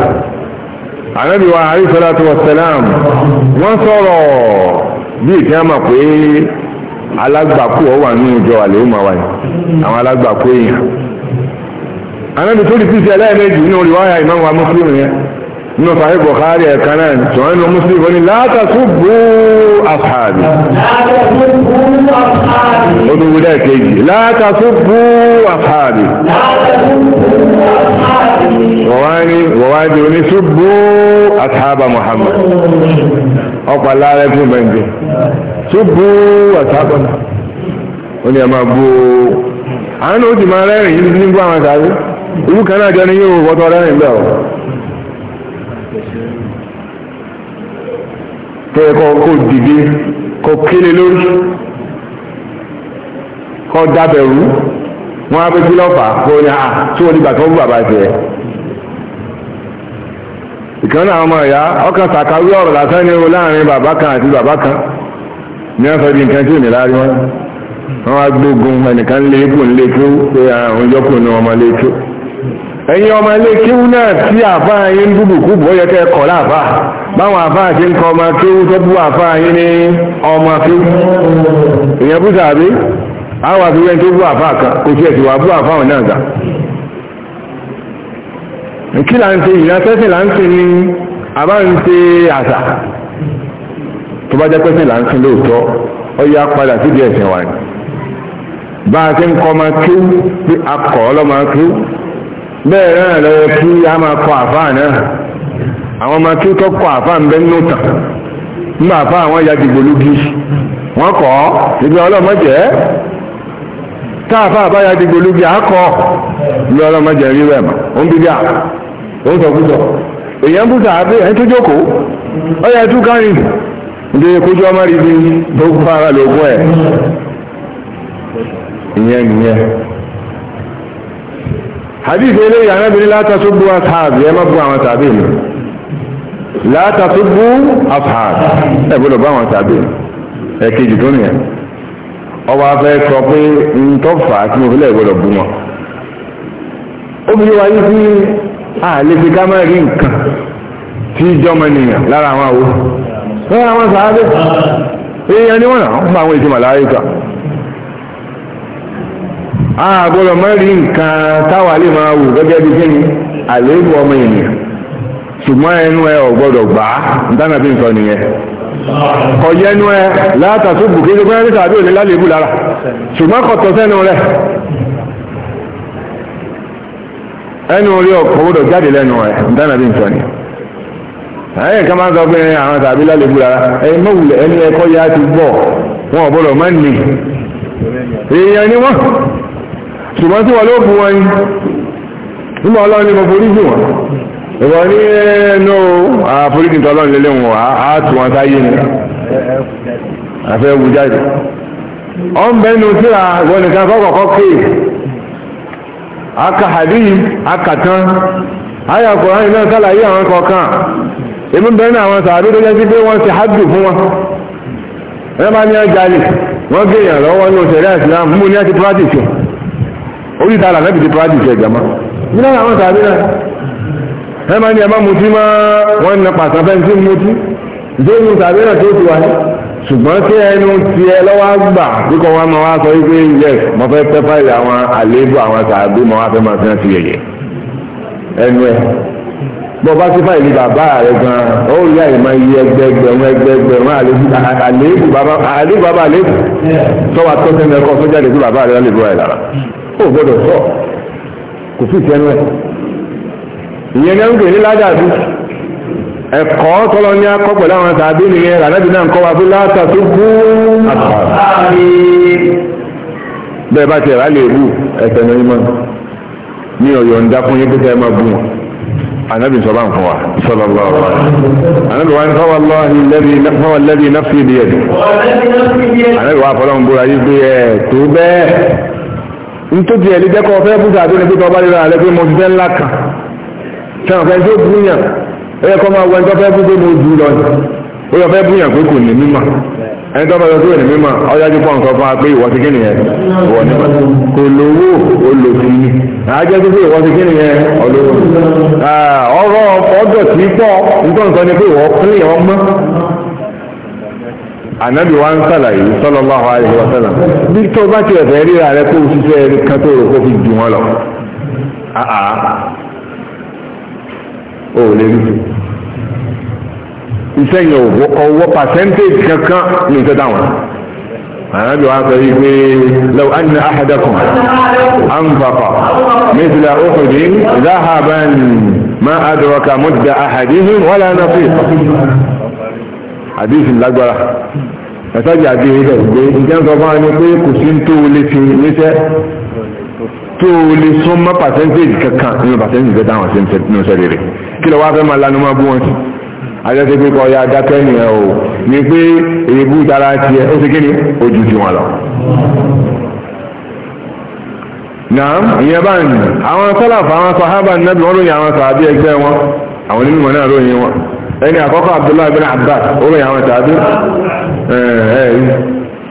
ànábì wa alayhi salatu wassalam wọ́n sọ̀rọ̀ bí ìtẹ́ àmà pé alágbàkú ọ wà ní ìjọ àlèó máa wáyé àwọn alágbàkú èèyàn ànábì tó di fífi ẹlẹ́ẹ̀mejì nínú olùwáyà ìmáàmù amúfúlùmí yẹn nínú sàhí Bukhari ẹ̀ka náà ṣùgbọ́n nínú Muslim ní látàṣubú àfààbì olùwúdẹ̀ kejì látàṣubú àfààbì wọ̀wání wọ̀wájú ní ṣubú àtàbà Muhammad ọ̀pọ̀ aláàrẹ̀ fún bẹ̀ǹdẹ̀ ṣubú àtàbà ó ní ẹ̀ma bú àánú ó ti máa rẹ́rìn-ín nígbà àwọn àtàrí ìlú kan náà jẹ́ ní yóò wọ́tọ̀ rẹ́rìn bẹ́ẹ̀ tẹ́ kó dìde kọ́ kéle lórí kọ́ dábẹ̀rú wọ́n á bẹ́ẹ̀ lọ́fà kó ní à ah, tí wọ́n ti gbà tó bàbá tiẹ̀. ìkànnì àwọn ọmọ ìyá ọkàn ọ̀rọ̀ lásán o láàrin bàbá kan àti bàbá kan ní wọ́n sọ di nǹkan tí ò ní láàrin wọn. wọ́n á gbógun ẹnìkan lé kù ń lé pé ah, àwọn ẹ̀yin ọmọ ilé kéwú náà tí àfá yín dúdùkú bọ́ yẹ kẹ́ kọ̀ láàfá báwọn àfá àti nǹkan ọmọ kéwú tó bú àfá yín ní ọmọ kéwú èèyàn bú sàbí àwọn àti wẹ́n tó bú àfá kan kò tiẹ̀ sì wà bú àfá wọn náà gà kí là ń ṣe ìyá sẹ́sìn là ń ṣe ni àbá ń ṣe àṣà tó bá jẹ́ pẹ́sìn là ń ṣe lóòótọ́ ó yá padà síbi ẹ̀sìn wa ni bá a ti ń kọ́ ọmọ kéwú pé bẹ́ẹ̀ náà lọ kí a máa kọ àfáà náà àwọn ọmọ kọ àfáà ń bẹ́ àfáà ya dìgbò wọ́n kọ́ ìgbà ọlọ́mọdé táàfà àbáyá dìgbò lógi àkọ́ ìgbà ọlọ́mọdé rí rẹ̀ mọ́ ó ń bí bíà ó ń sọkúsọ ga hadith eléyìí anábìrin látàtúbù asáàbì ẹ má bu àwọn tàbí mi látàtúbù asáàbì ẹ gbọ́dọ̀ bá àwọn tàbí ẹ kejì tó nìyẹn ọba afẹ́ sọ pé ntọ́fà tí mo fi lẹ́ gbọ́dọ̀ bu wọn obìnrin wa yìí sí àlefi kámẹ́rì nǹkan tí jọmọ nìyàn lára àwọn àwo lára àwọn sàábẹ̀ èèyàn ni wọ́n náà ń fa àwọn ìtumọ̀ láyé kan. a gbọ́dọ̀ má nǹkan táwa lè máa wò gẹ́gẹ́ bí kí ni àléébù ọmọ ènìyàn ẹnu ẹ ọgbọdọ gbà á nítànà fi ń sọ nìyẹn ẹnu ẹ látàtú bùkẹ́lẹ́ pé ẹ̀ríkà àbí òní lálébù lára ẹnu orí ọkọ̀ jáde ẹ fi ń sọ nìyẹn kan máa ń sọ pé àwọn tàbí lálébù lára mọ̀wùlẹ̀ ẹni yá ti bọ̀ wọn èèyàn ni wọ́n ṣùgbọ́n tí wọ́n ló fún wọn yìí nígbà ọlọ́run ni mo forí jù wọn ìwọ ní ẹnu àforíjì tó lélẹ̀ wọn á wọn sáyé ni àfẹ́ wù jáde ọ sí aka aka àwọn kọ̀ọ̀kan èmi wọ́n ti hajj wọn lọ́wọ́ ní òṣèré mú ní orí ìtara náà bìí pàdé ìṣẹ́ ìgbàmá nínú àwọn tàbí náà ẹ máa ní ẹ máa mutí máa wọ́n na pàṣẹ fẹ́ǹsì mutí ìṣe ìlú tàbí náà tó ti wáyé ṣùgbọ́n tí ẹnu ti ẹ lọ́wọ́ gbà bí kò wọ́n máa wá sọ wípé yes mo fẹ́ pẹ́ fáìlì àwọn àléébù àwọn tàbí mo wá fẹ́ máa fi hàn sí yẹyẹ ẹnu ẹ bọ́ bá sí fáìlì bàbá rẹ̀ gan ó rí àyè máa yí ẹgbẹgbẹ̀rún ẹgbẹgbẹ̀rún àléébù bàbá àléébù tọ́wọ́ àtọ́sẹ́nu ẹ̀kọ́ sójà lè fi bàbá rẹ̀ lálébù rẹ̀ lára ó gbọ́dọ̀ sọ kò sí ìtẹnu ẹ̀ ìyẹn náà ń gbèrè ládàbí ẹ̀kọ́ tọ́lọ ní akọ́ pẹ̀lú àwọn tàbí nìyẹn ràdàbí náà ń kọ́ wa fún látà tó kú bẹ́ẹ̀ bá ti rà lè wù ẹ̀sẹ̀ náà yín mọ́ ní ọ̀yọ̀ ń dá fún yín pé kẹ́ ẹ máa bù wọn anabi sọ bá ń fún wa anabi wa ní fọwọ́ lọ́hìn fọwọ́ lẹ́bi náà fi di anabi wa fọlọ́ ń bóra yí pé tó bẹ́ẹ̀ nítòjì ẹ̀lẹ́ jẹ́kọ́ fẹ́ búta tó ní pípa ọbálẹ̀ rẹ̀ pé mo ti fẹ́ ńlá kan tẹ́wọ̀n fẹ́ tó búyàn ẹ̀yẹ kọ́ máa wọ ẹni tó fẹ́ búta mo jù lọ ní ó yọ fẹ́ búyàn pé kò ní mímọ̀ ẹni tó bá yọ kúrò ní mímọ̀ ọjájú pọ̀ nǹkan fún wa pé ìwọ ti kí nìyẹn ìwọ ní ma kò lówó olòdì ni àájẹ́ pé ìwọ ti kí nìyẹn ọlọ́wọ́ ọ̀rọ̀ ọ̀dọ̀ tí pọ̀ nǹkan nǹkan ni pé ìwọ ànábì wa ń sàlàyé sallallahu alaihi wa sallam bí tó bá ti ẹ̀fẹ́ ríra rẹ kó ṣiṣẹ́ rí kan tó rò kó fi jù wọn lọ àà ò lè rí iṣẹ́ yẹn ọwọ́ pàṣẹ́ntéèjì kankan ní ìṣẹ́ táwọn ànábì wa sọ wípé law anna ahadakum anfaqa mithla uhudin dhahaban ma adraka mudda ahadihim wala nasifa àdéhìsì lágbára ẹ̀sájì àdéhìsì gbé ìjẹ́ nǹkan fún wa ni pé kò sí tó o lè fi níṣẹ́ tó o lè sún mọ́ pàṣẹ́ntéèjì kankan nínú pàṣẹ́ntéèjì bẹ́ẹ̀ táwọn ṣe ń tẹnu rẹ̀ kí lọ wá fẹ́ máa lanu máa bú wọn sí ajọ́sí pé kọ́ ya dákẹ́ nìyẹn o ní pé èébú dára tiẹ̀ ó ṣe kíni ojú ti wọn lọ. nàá ìyẹn báyìí àwọn sálàfà àwọn sàhábà nàbì wọn lóyìn àwọn sàhábì ẹgbẹ́ wọn àwọn onímọ̀ náà lóyìn wọn. يعني أخوك عبد الله بن عباس أولا يا عمد تعدين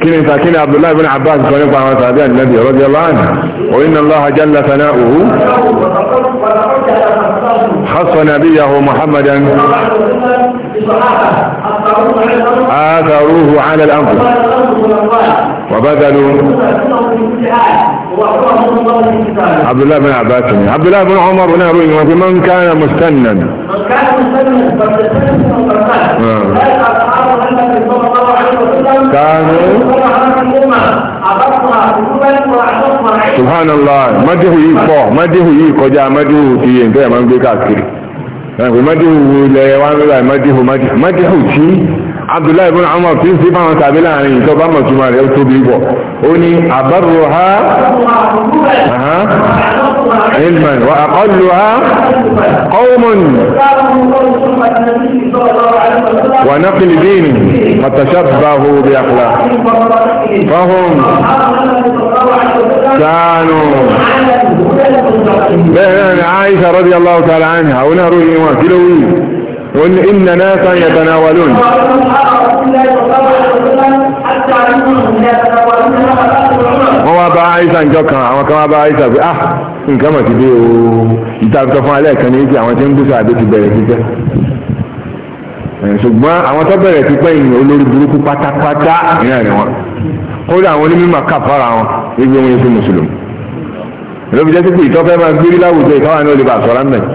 كنين تاكين عبد الله بن عباس كنين طعام تعدين النبي رضي الله عنه وإن الله جل ثناؤه خص نبيه محمدا آثروه على الأنفس وبدلوا عبد الله بن عباس عبد الله بن عمر بن روي من كان مستنا من كان آه. مستنا كانوا سبحان الله ما ديو يكو ما ديو يكو جا ما ديو تي ان ما ديو كاكي يعني ما ديو لا ما ديو ما ديو ما ديو abdullahi ibn umar tí ń sí báwọn tàbí láàrin ìtọ́ bá mọ̀túnmá rẹ̀ ó tóbi bọ̀ ó ní àbárò ha ilman wa àkọlù ha qawmun wa naqli dini fatashabbahu bi akhlaq fahum kanu bẹ́ẹ̀ náà ni aisha radiyallahu ta'ala anha ó náà ròyìn wọn kí ló wí قل إن ناسا يتناولون wọ́n wá bá àìsà ìjọ kan àwọn kan wá bá àìsà pé ah nǹkan mọ̀ ti dé ooo ìtàkùtọ̀ fún alẹ́ ní ìdí àwọn tí ń gbèsè àdó ti bẹ̀rẹ̀ pípẹ́ ṣùgbọ́n àwọn tó bẹ̀rẹ̀ pípẹ́ ìyìn olórí burúkú pátápátá ìrìn àrìn wọn kódà àwọn onímọ̀ kàfàrà wọn gbígbé wọn sí mùsùlùmí lóbi jẹ́ sí pé ìtọ́fẹ́ máa gbérí láwùjọ ìtọ́wà ní olè bá sọ̀rọ̀ mẹ́rin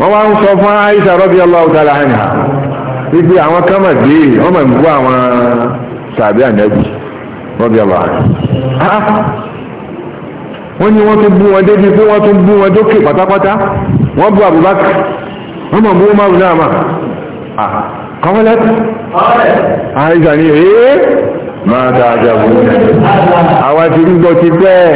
wọ́n wá ń sọ fún Aisha rọ́bí ọlọ́wọ́ tààlà àyà wípé àwọn kama dé wọ́n mọ̀ ń bú àwọn sàbí ànábì rọ́bí ọlọ́wọ́ àyà wọ́n ní wọ́n tún bú wọn débi pé wọ́n tún bú wọn dókè pátápátá wọ́n bú Abubakar wọ́n mọ̀ bú wọn máa wù náà mà kọ́mọ́lẹ́tì Aisha ni ee máa dáa jábọ̀ àwa ti ń ti bẹ́ẹ̀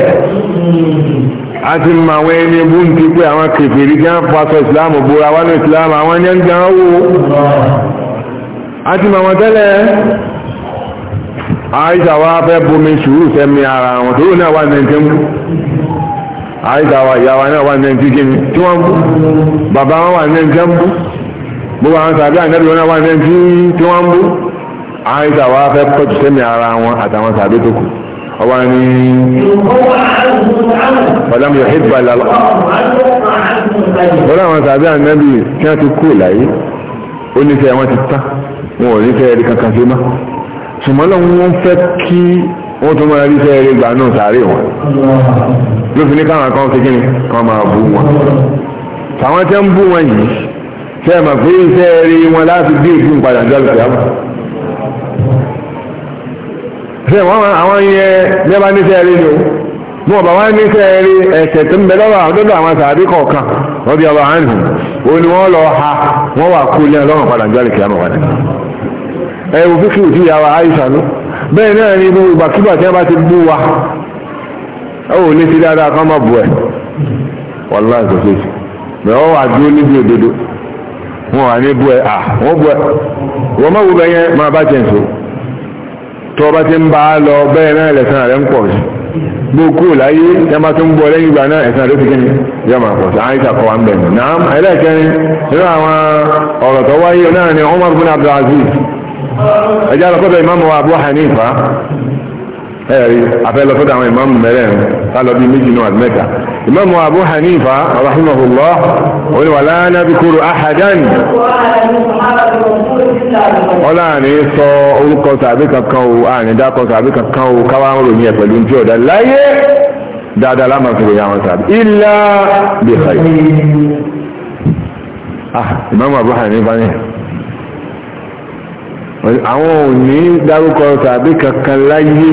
a ti mọ àwọn ẹni bú ń ti pé àwọn kèfèrí kí wọ́n fasọ ìsìláàmù bóra wá ní ìsìláàmù àwọn ẹni ẹni gan wò a ti mọ àwọn tẹ́lẹ̀ àìsà wa fẹ́ bomi sùúrù sẹ́mi ara wọn tó náà wà nẹ́ntẹ́ mú àìsà wa ìyá wa náà wà nẹ́ntẹ́ kíni tí wọ́n bú bàbá wọn wà nẹ́ntẹ́ mú gbogbo àwọn sàbí àìnẹ́bí wọn náà wà tí wọ́n bú àìsà wa fẹ́ pẹ̀tù sẹ́mi ara wọn àtàwọn sàbí tó kù ọwọ́ ni ọ̀làmù yóò hìbà lálọ́ ọ̀là àwọn tàbí ànábì tí wọ́n ti kú láyé ó nífẹ̀ẹ́ wọn ti tán wọn ò nífẹ̀ẹ́ rí kankan sí mọ́ ṣùgbọ́n náà wọ́n fẹ́ kí wọ́n tún máa rí fẹ́ rí gbà náà sáré wọn ló fi ní káwọn kan ṣe kíni kan máa bú wọn tàwọn tẹ́ ń bú wọn yìí tẹ́ ẹ̀ mọ̀ pé iṣẹ́ rí wọn láti bí ìgbín padà jọ́ lùfẹ́ ṣe wọ́n àwọn yẹ mẹ́bà níṣẹ́ rí ni o mú ọ̀bà wá níṣẹ́ rí ẹ̀ṣẹ̀ tó ń bẹ lọ́wọ́ àdọ́dọ̀ àwọn sàbí kọ̀ọ̀kan ọdí ọba o ni wọ́n lọ ha wọ́n wà kú ilé ọlọ́run padà jọ́ àlèkè àmọ̀ padà ẹ wò fífi òtí ìyàwó àìsàn nú bẹ́ẹ̀ náà ni gbogbo ìgbàkígbà tí wọ́n bá ti bú wa ó ò ní ti dáadáa kán má bu ẹ̀ wàlúwà tó bá ti ń bá a lọ bẹ́ẹ̀ náà lẹ́sàn rẹ̀ ń pọ̀ sí bó kú láyé tí a bá tún bọ̀ lẹ́yìn ìgbà náà ẹ̀sán ló ti kí ni yóò máa pọ̀ sí àìsà kọ́ wa ń bẹ̀ náà ẹlẹ́kẹrin nínú àwọn ọ̀rọ̀ tó wáyé náà ni Umar bin Abdul Aziz ìmáàmù wa Abu Hanifa ẹ̀rí afẹ́lọ fọ́dọ̀ àwọn ìmáàmù mẹ́rẹ̀ẹ̀rin tálọ́ bíi méjì náà mẹ́ta ìmáàmù Abu Hanifa rahimahullah òní wà lánà bí kúrò ahadan ọlá àní sọ orúkọ tàbí kankan o àní dákọ tàbí kankan o káwá ń ròyìn ẹ̀ pẹ̀lú tí ọ̀dà láyé dáadáa lámàá fi ròyìn àwọn tàbí illa bi khair ah, ìmáàmù Abu Hanifa ni àwọn ò ní dárúkọ tàbí kankan láyé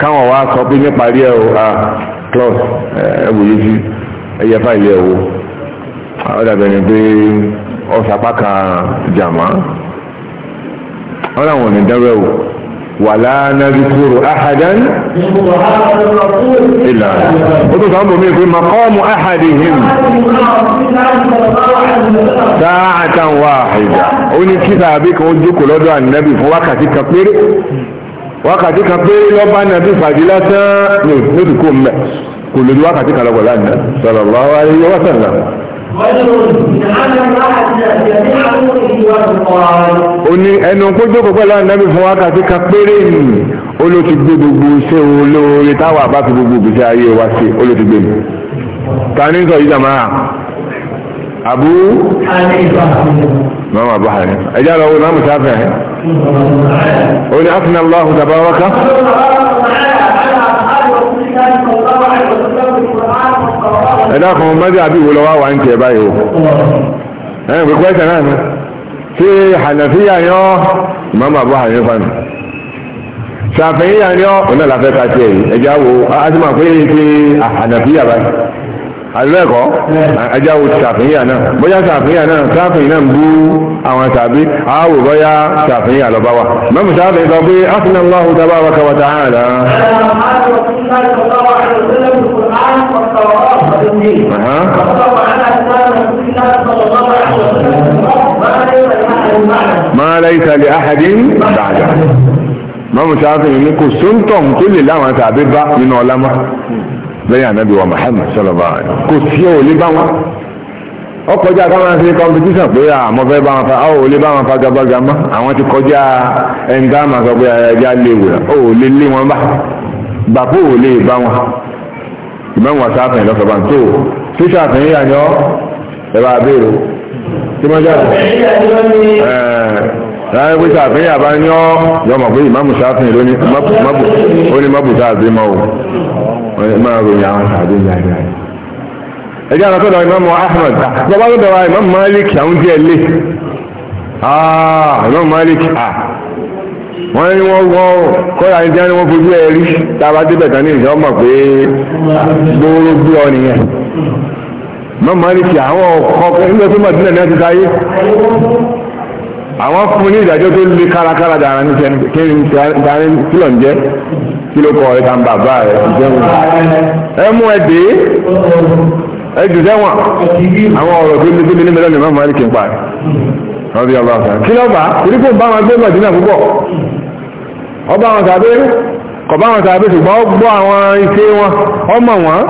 káwọn wá sọ pé nípa rí ẹ̀rọ a claus ẹ̀wòye sí ẹ̀yẹ fáìlì ẹ̀wò àwọn pé ọ̀sàpá kan jàmá wọ́n ní dárú ولا نذكر احدا الا انت تعلموا مين مقام احدهم ساعة واحدة اقول كتابك وديك لدى النبي فوقت كبير وقت كبير لبى النبي فاجلة نذكر كل وقت كلا ولا النبي صلى الله عليه وسلم ó ní ẹnu kó jókòó pẹ̀lú ànábì fún wákàtí kan péré nì ó ló ti gbé gbogbo iṣẹ́ olóore táwa bá fi gbogbo ìgbésí ayé wa ṣe ó ló ti gbé mi ta ní sọ yìí jàmáà àbú mọ́mà bá hàní ẹjá wo náà mùsáfẹ́ ó ní asìnà Allahu tabaraka ẹ̀dá kan mọ́tò àbí ìwò lọ́wọ́ wà ń tẹ̀ báyìí o ẹ̀yìn pípẹ́ ẹ̀sẹ̀ náà ni ṣé hànàfíà yọ ìmọ̀mọ́ àbọ̀ hànífà nù ṣàfihàn yà ni ọ́ ọ̀nà làfẹ́ ka tiẹ̀ yìí ẹ̀já wo asima pé yé ti hànàfíà báyìí alẹ́kọ̀ ẹ̀já wo ṣàfihàn náà bóyá ṣàfihàn náà ṣàfihàn náà ń bú àwọn tàbí àwò bóyá ṣàfihàn lọ́ba wa mẹ́mu ṣàfihàn sọ pé asina Allahu tabaraka wa ta'ala. ما ليس لأحد بعده ما مشافين انكم سلطان كل لا ما تعبير بقى من علماء زي النبي ومحمد صلى الله عليه وسلم كنت فيه ليه بقى ó kọjá káwọn ṣe competition pé àmọ́ fẹ́ bá wọn fa ó lè bá wọn fa gabagama àwọn ti kọjá ẹnìkan máa sọ pé ẹja lè ó lè lé wọn bá gbàpọ̀ ò lè bá wọn ìmọ̀ wọn sáfẹ̀ lọ́sọ̀ bá ń tó tí sáfẹ̀ yíyà ni ọ́ ẹ bá béèrè tí wọ́n jáde láyé pé sáfẹ̀ yíyà bá ní ọ́ yọ mọ̀ pé ìmáàmù sáfẹ̀ lóní ó ní mọ́bùtà àti mọ́ o máa ròyìn àwọn àdé ní àyè àyè. ẹ jẹ́ àtọ́dọ̀ ìmáàmù Ahmad lọ́wọ́ lọ́dọ̀ wa ìmáàmù Malik àwọn díẹ̀ lé ah, ìmáàmù Malik ah wọ́n ní wọ́n wọ́n kọ́ra ní tíá ní wọ́n fojú ẹ rí tába débẹ̀ tán ní ìṣọ́ mọ̀ pé gbóró gbé ọ nìyẹn mọ́mọ́ ní ti àwọn ọkọ̀ nígbà tó mọ̀ sílẹ̀ náà ti sáyé àwọn fún ní ìdájọ́ tó lé kárakára dára ní sẹ́ni kí ni dára ní kílọ̀ ń jẹ́ kí ló kọ ọ̀rẹ́ kan bàbá rẹ̀ ìjẹun ẹ mú ẹ dé ẹ jù sẹ́wọ̀n àwọn ọ̀rọ̀ tó lé tó lé ní mẹ́lẹ́ ní mọ́mọ́ ní kí n pa rẹ̀. rọ́bí ọba ọ̀sán kí lọ́ba torípò bá wọn gbé mọ̀dínà púpọ̀ ọba wọn tàbí kọ̀bá wọn tàbí ṣùgbọ́n ó gbọ́ àwọn iṣẹ́ wọn ọmọ wọn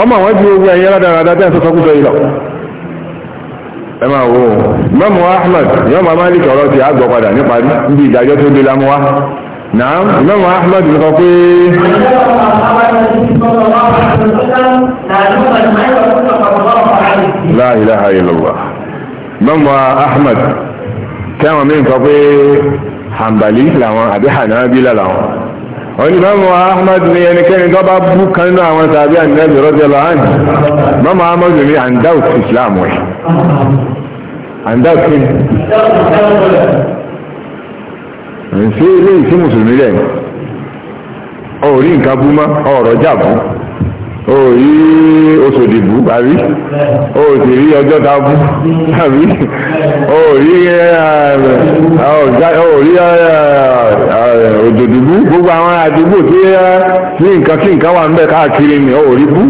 ọmọ wọn ju ogun ẹ̀yẹ rádaràdá tẹ́ sọ sọkúsọ yìí lọ ẹ wo mọ́mù Ahmad yọ́ máa máa ti àgbọ̀ padà nípa níbi ìdájọ́ tó náà pé mọ́mọ́ ahmed tí àwọn mí nǹkan pé hàǹbàlì làwọn àbí hànàbílà làwọn wọ́n ní mọ́mọ́ ahmed ní ẹnikẹ́ni tó bá bú kan nínú àwọn tàbí ànínẹ́bì rọ́jọ́lọ́ àní mọ́mọ́ ahmed ní andout islam wẹ̀ andout kí ni ṣé ilé ìsí mùsùlùmí rẹ̀ ọ̀ nǹkan bú mọ́ ọ̀rọ̀ jà bú o rí oṣù dìbò àbí o sì rí ọjọ́ tabú àbí o rí òjò eh, eh, eh, dìbò gbogbo àwọn àdìbò tí nǹkan kí nǹkan wà ń bẹ káàkiri ni o rí bú.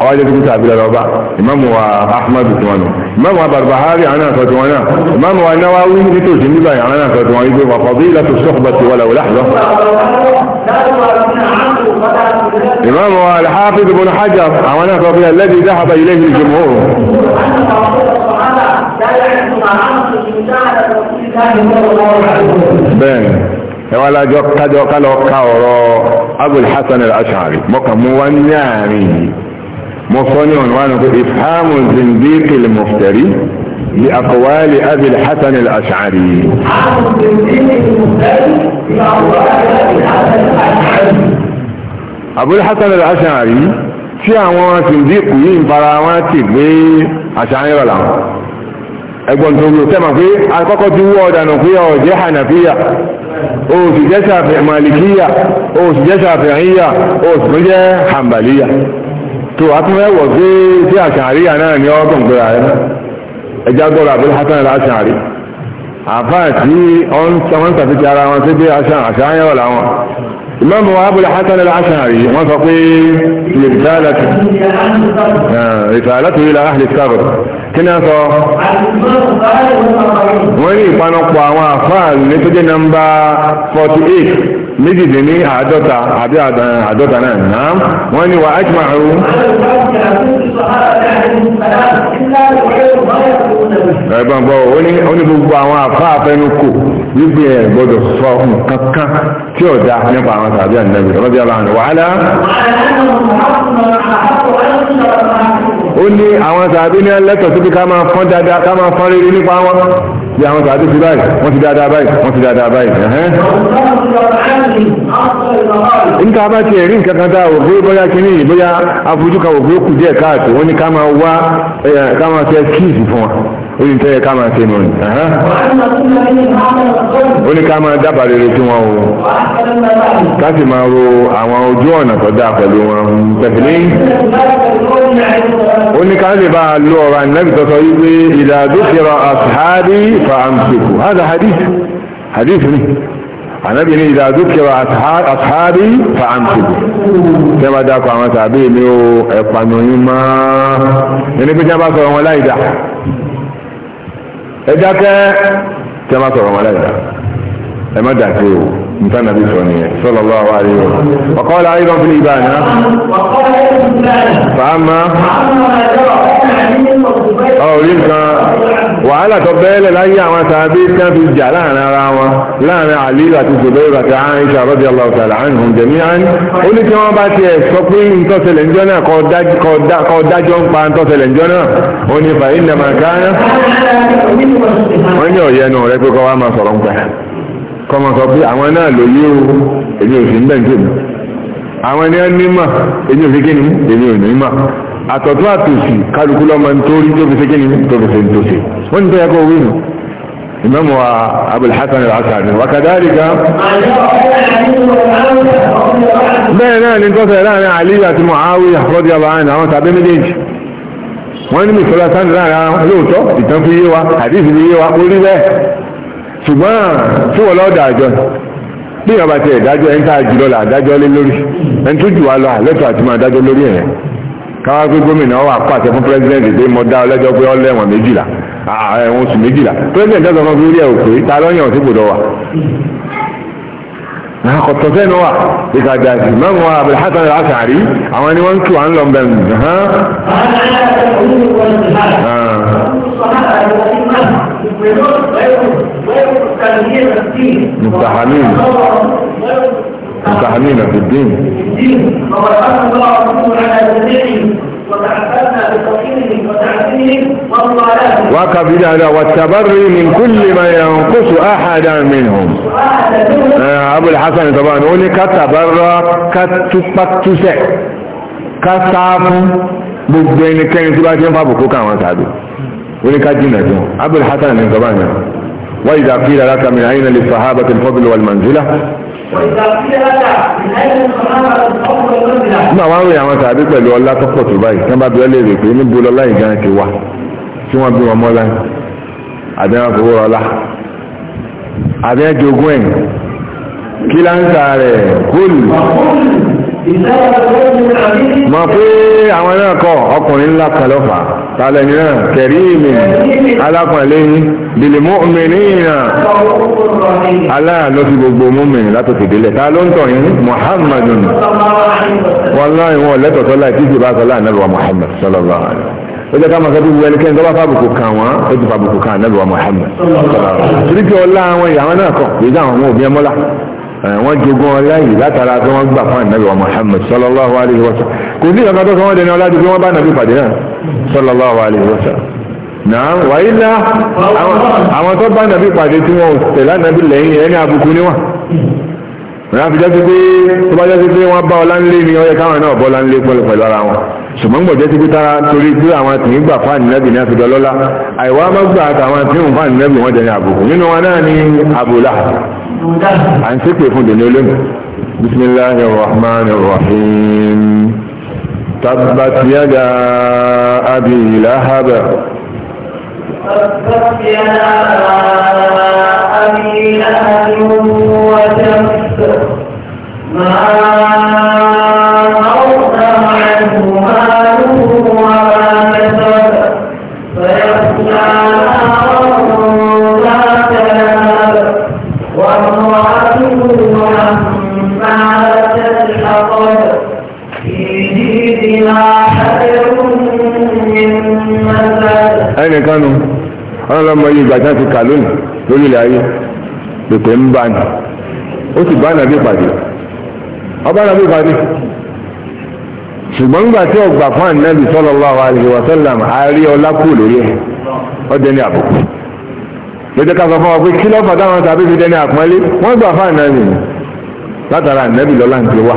ọwọ́ jẹ́ kíkúta àbílẹ̀ lọ́ba ìmáàmù wa ahmad tiwọnù ìmáàmù wa barbahari àwọn náà sọ̀tún wọn náà ìmáàmù wa nawawi nítòsí nígbà yẹn àwọn náà sọ̀tún wọn wípé wàfọ̀bí ilàtò sọ́kùbà ti wọlé wọlé àlọ́. ìmáàmù wa alhafiz ibn hajar àwọn náà sọ pé alladhi dhahaba ilayhi al-jumhur. bẹ́ẹ̀ni ولا جوك تدوك لو كورو ابو الحسن الاشعري موكا موانياني مصنعون وانكو افهام الزنديق المفتري لأقوال أبي الحسن الأشعري أبو الحسن الأشعري شيء عموان من وين براوان تبوي أشعري ولا ẹgbọ́n tó wúlò tẹ́mà pé akọ́kọ́ ti wú ọ̀dànà pé ó jẹ́ hànàfíyà ó sì jẹ́ sàfihàn màlìkíyà ó sì jẹ́ sàfihàníyà ó sì tún jẹ́ hàǹbàlíyà tó atúnwẹ́wọ̀ pé sí àṣàríyà náà ni ọgbọ̀n gbéra rẹ̀ ẹjá gbọ́ra pé hátán rẹ̀ àṣàrí àfáà tí wọ́n ń sàfihàn ara wọn sí pé àṣàyàn wà láwọn imam wa abu al-hasan al-ashari wọ́n sọ pé risalatu ah, risalatu ila ahli sabr kí ni a sọ wọ́n ní ìpanupọ̀ àwọn àfáà ní tó jẹ́ nọ́mbà 48 méjìdínní àádọ́ta àbí àádọ́ta náà wọ́n ní wà á ẹ̀bọ̀n bọ̀ ó ní gbogbo àwọn àfa àfẹnukò wípé ẹ̀ gbọ́dọ̀ sọ nǹkan kan tí ó dá nípa àwọn tàbí ànẹ́bí ọlọ́bí aláàánú wàhálà ó ní àwọn tàbí ní ẹlẹ́tọ̀ sí pé ká máa fọ́n dáadáa ká máa fọ́n rere nípa wọn bí àwọn tàbí ti báyìí wọ́n ti dáadáa báyìí wọ́n ti dáadáa báyìí níta bá ti ẹ̀rí nǹkan kan tá ò gbé bóyá kí ní bóyá afojú kan ò gbé kù díẹ̀ káàtó wọ́n ní ká máa wá ká máa fẹ́ kíìsì fún wa ó ní tẹ́yẹ ká máa ṣe nù ní. ó ní ká máa dábàá rere tí wọ́n wò ká sì máa ro àwọn ojú ọ̀nà tó dáa pẹ̀lú wọn tẹ̀sílẹ̀. ó ní ká lè bá a lo ọ̀rọ̀ ànínábì tó sọ pé ìdàdókèrò àṣàbí fa hádà hadith hadith ni ànábì ní ìdá dúkìá àtàrí fàáǹtìbù tí wọ́n dákọ̀ àwọn tàbí mi ó ẹ̀pànù yín máa ẹni pé tí wọ́n bá sọ̀rọ̀ wọn láìdá ẹ dákẹ́ tí wọ́n bá sọ̀rọ̀ wọn láìdá ẹ má dàkẹ́ o nta nàbí sọ nìyẹn sallallahu alaihi wa sallam ọkọ la ayé lọ fi ibà náà fàámà ọ orí nǹkan wàhálà tó bẹ́ẹ̀lẹ̀ láyé àwọn tàbí tán fi jà láàrin ara wọn láàrin àlílù àti zubairu àti aisha radiyallahu ta'ala anhum jami'an ó ní kí wọ́n bá ti ẹ̀ sọ pé ntọ́sẹ̀lẹ̀ njọ́ náà kọ́ dájọ́ ń pa ntọ́sẹ̀lẹ̀ njọ́ náà ó ní fa innama kana wọ́n ní ọ̀yẹ́nu rẹ pé kọ́ wa máa sọ̀rọ̀ ń pẹ́ kọ́ àtọ̀tún àtòsì kálukú lọ́mọ nítorí tó fi ṣe kí ni tó fi ṣe ń tòṣe wọ́n ní tó yẹ kó wí nù imam wa abul hasan al-asani wa kadhalika bẹ́ẹ̀ náà ni tó sẹ̀rẹ̀ láàrin ali àti muawiya radiyallahu anhu àwọn tàbí méjèèjì wọ́n ní mìsọ́lá sáni láàrin àwọn lóòótọ́ ìtàn fi yé wa àdìsí fi yé wa ó rí bẹ́ẹ̀ ṣùgbọ́n tí lọ́ọ́ dàjọ́ bí ìyàbá ti ẹ̀dájọ́ ẹ̀ńtà jùlọ là àdájọ́ káwá pé gómìnà wà pàṣẹ fún pírẹsidẹ́ǹtì pé mo dá ọlẹ́jọ́ pé ọ lẹ́wọ̀n méjìlá ẹ̀wọ̀n oṣù méjìlá pírẹsidẹ́ǹtì ọ̀sán kan fi rí ẹ̀ òkè ta lọ́yàn sí gbòdọ̀ wa àkọ̀tọ̀ sẹ́nu wà ìgbàjàsì mẹ́wọ̀n wa Abul Hasan al-Ash'ari àwọn ẹni wọ́n ń tù à ń lọ bẹ̀ mùtàhámì علينا في الدين وقد هذا الرسول والتبري من كل ما ينقص احدا منهم ابو الحسن طبعا يقول لي كتبرى كتبتسع كتعف gbogbo ẹnikẹ́ni tí bá jẹ́ ń fàbùkú káwọn tàbí oníkájínà tó abúlé hasan ní ìjọba náà wáyé dàfíì lára kàmìnà nígbà wọn rìn àwọn tàbí pẹ̀lú ọlá tó pọ̀ tó báyìí tí wọ́n bá bí ọ léèrè pé níbo lọ́lá yìí gan ti wà tí wọ́n bí wọn mọ́ láyìn àbí wọn fowó ọlá àbí wọn jogún ẹ̀yìn kí láǹtà rẹ̀ kúlù mọ̀ pé àwọn náà kọ ọkùnrin ńlá kan lọ́fàá tàlẹ́ni náà kẹ̀ríìmì alápọ̀lẹ́yìn bìlìmọ́ òmìnira aláàánú fi gbogbo mọ́mìnì látòkè délẹ̀ ta ló ń tọ̀ yín muhammadun wallahi wọn lẹ́tọ̀ọ́tọ́ láì tí ìjìbá sọ láàánú wa muhammad sallallahu alaihi ó jẹ́ ká máa sọ́dún wẹ́lẹ́ kẹ́ni tó bá fàbùkù kàn wọ́n ó ti fàbùkù kàn náà muhammad torí wọ́n jogún ọlá yìí látara tí wọ́n gbà fún ànábì muhammad sallallahu alaihi wa sallam kò sí ìyàwó sọ wọ́n dẹni ọlá ju pé wọ́n bá nàbí pàdé náà sallallahu alaihi wasallam náà wàyí lá àwọn tó bá nàbí pàdé tí wọn ò tẹ̀lá nàbí lẹ́yìn ẹni àbùkù ni wọn wọn fi jẹ́sí pé tó bá jẹ́sí pé wọ́n bá ọlá ńlé ni ọyẹ káwọn náà bọ́ ọlá ńlé pẹ̀lú pẹ̀lú ara wọn ṣùgbọ́n gbọ̀jẹ́ ti pétára torí pé àwọn tìǹ gbà fáàní nẹ́bì ní àfihàn lọ́lá àìwá má gbà àtàwọn tìǹ fáàní nẹ́bì wọ́n jẹ́ ní àbùkù nínú wọn náà ní àbùlà à ń ṣépè fún dèní olóyún bismillahir rahmanir rahim. تبت يدا أبي لهب تبت يدا أبي لهب وتبت ما nìkan nù ọlọ́mọ yìí ìgbà tí kà lónìí lórí ilẹ̀ ayé pèpè ń bá ní ó sì bá nàbí ọba nàbí ṣùgbọ́n tí ọgbà fún ànábì sallallahu alaihi wa sallam àárí ọlá lórí ẹ̀ àbùkù lójú ká sọ fún ọ pé kí lọ́fà táwọn tàbí fi dẹni àpọ́nlé wọ́n gbà fún ànábì látara ànábì lọ́lá ń wá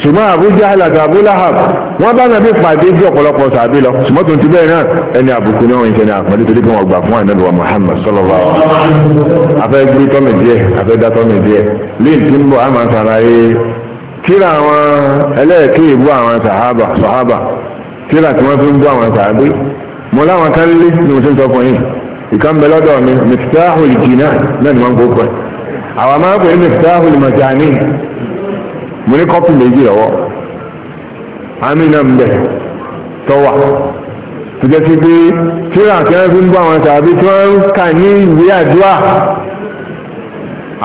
ṣùgbọ́n Abu Jahl àti Abu Lahab wọ́n bá nàbí pàdé bí ọ̀pọ̀lọpọ̀ sàbí lọ ṣùgbọ́n tó ń ti bẹ́ẹ̀ náà ẹni àbùkù náà ń ṣe ní àpọ́nlé torí pé wọ́n gbà fún àìnáàbí wa Muhammad sallallahu alaihi wasallam afẹ́ gbé tọ́mì díẹ̀ afẹ́ dá tọ́mì díẹ̀ lẹ́yìn tí ń bọ̀ àmà sàlàyé kíra àwọn ẹlẹ́ẹ̀kẹ́ ìbú àwọn sàhábà sàhábà kíra tí wọ́n fi ń bú àwọn sàhábì mo láwọn kan lé mo ti ń sọ fún yìí ìkan bẹ lọ́dọ̀ mi mìtìtáhùl jìnnà náà ni wọ́n kó pẹ̀ àwọn máa ń pè é mìtìtáhùl màjàní mo ní kọ́pù méjì lọ́wọ́ amínà ń bẹ̀ tọ́wà tó jẹ́ sí pé tíra tí wọ́n fi ń bọ́ àwọn tàbí tí wọ́n ń kà ní ìwé àdúrà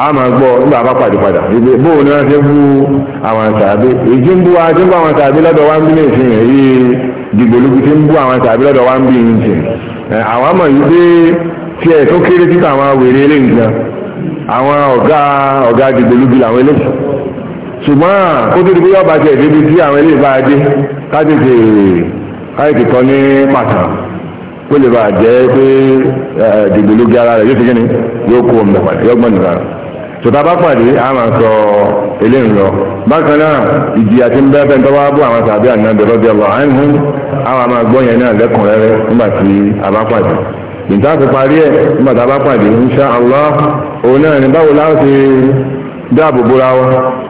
a máa gbọ́ nígbà bá pàdé padà ibi bóun ni wọ́n ti bú àwọn tàbí èyí ń bú wa ti ń bú àwọn tàbí lọ́dọ̀ wá ń bí lẹ́sìn rẹ̀ yìí dìgbòlógún ti ń bú àwọn tàbí lọ́dọ̀ wá ń bí nìyẹn àwọn àmọ̀ yìí pé tí ẹ̀ tó kéré títà àwọn wèrè eléyìí gan àwọn ọ̀gá ọ̀gá dìgbòlógún làwọn eléyìí ṣùgbọ́n kó tó di pé yọba jẹ ìdíbi tí àwọn ilé ìbá ajé kájèjì káyìkì kan ní pàtà kó lè bàa jẹ́ pé dìgbòlógi ara rẹ̀ yóò fi kíni yóò kó omi pàdé yóò gbọ́n nìkan tòtá bá pàdé a máa sọ eléyìí lọ bákan náà ìjìyà tí ń bẹ́ẹ̀ fẹ́ntọ́ wá àwọn tàbí ànábẹ́ lọ́dẹ lọ à ń hún àwọn àmà gbọ́ yẹn náà lẹ́kùnrẹ́rẹ́ nígbà tí a bá pàdé nígbà tó parí ẹ̀ nígbà tá a bá pàdé insha Allah òun náà ní báwo láti dáàbò bóra wa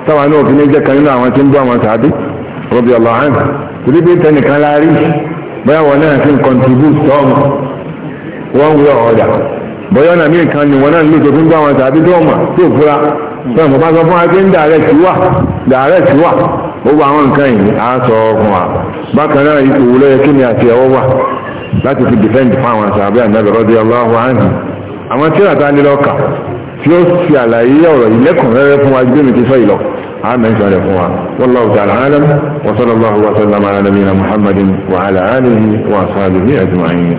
táwa náà fi ní jẹ́ kan nínú àwọn tí ń bọ́ àwọn tàbí rọ́bì ọ̀lọ́ hàn torí pé tẹnìkan la rí bóyá wọn náà fi ń contribute tọ́ọ̀mù wọ́n wúlò ọ̀dà bóyá ọ̀nà míì kan ni wọn náà lè tó fi ń bọ́ àwọn tàbí tọ́ọ̀mù tí ò fura bẹ́ẹ̀ mo bá sọ fún wa pé ń dàrẹ́tì wà dàrẹ́tì wà gbogbo àwọn nǹkan yìí á sọ fún wa bákan náà ipò wúlò yẹ kí ni àti ẹ̀wọ́ wà láti fi defend fún àwọn àṣà àná tí ó fi àlàyé ọ̀rọ̀ yìí lẹ́kùnrẹ́rẹ́ fún wa gbé mi ti sọ ìlọ àmì ìsọ rẹ̀ fún wa wallahu ta'ala alam wa sallallahu wa sallam ala nabiyina muhammadin wa ala alihi wa ashabihi ajma'in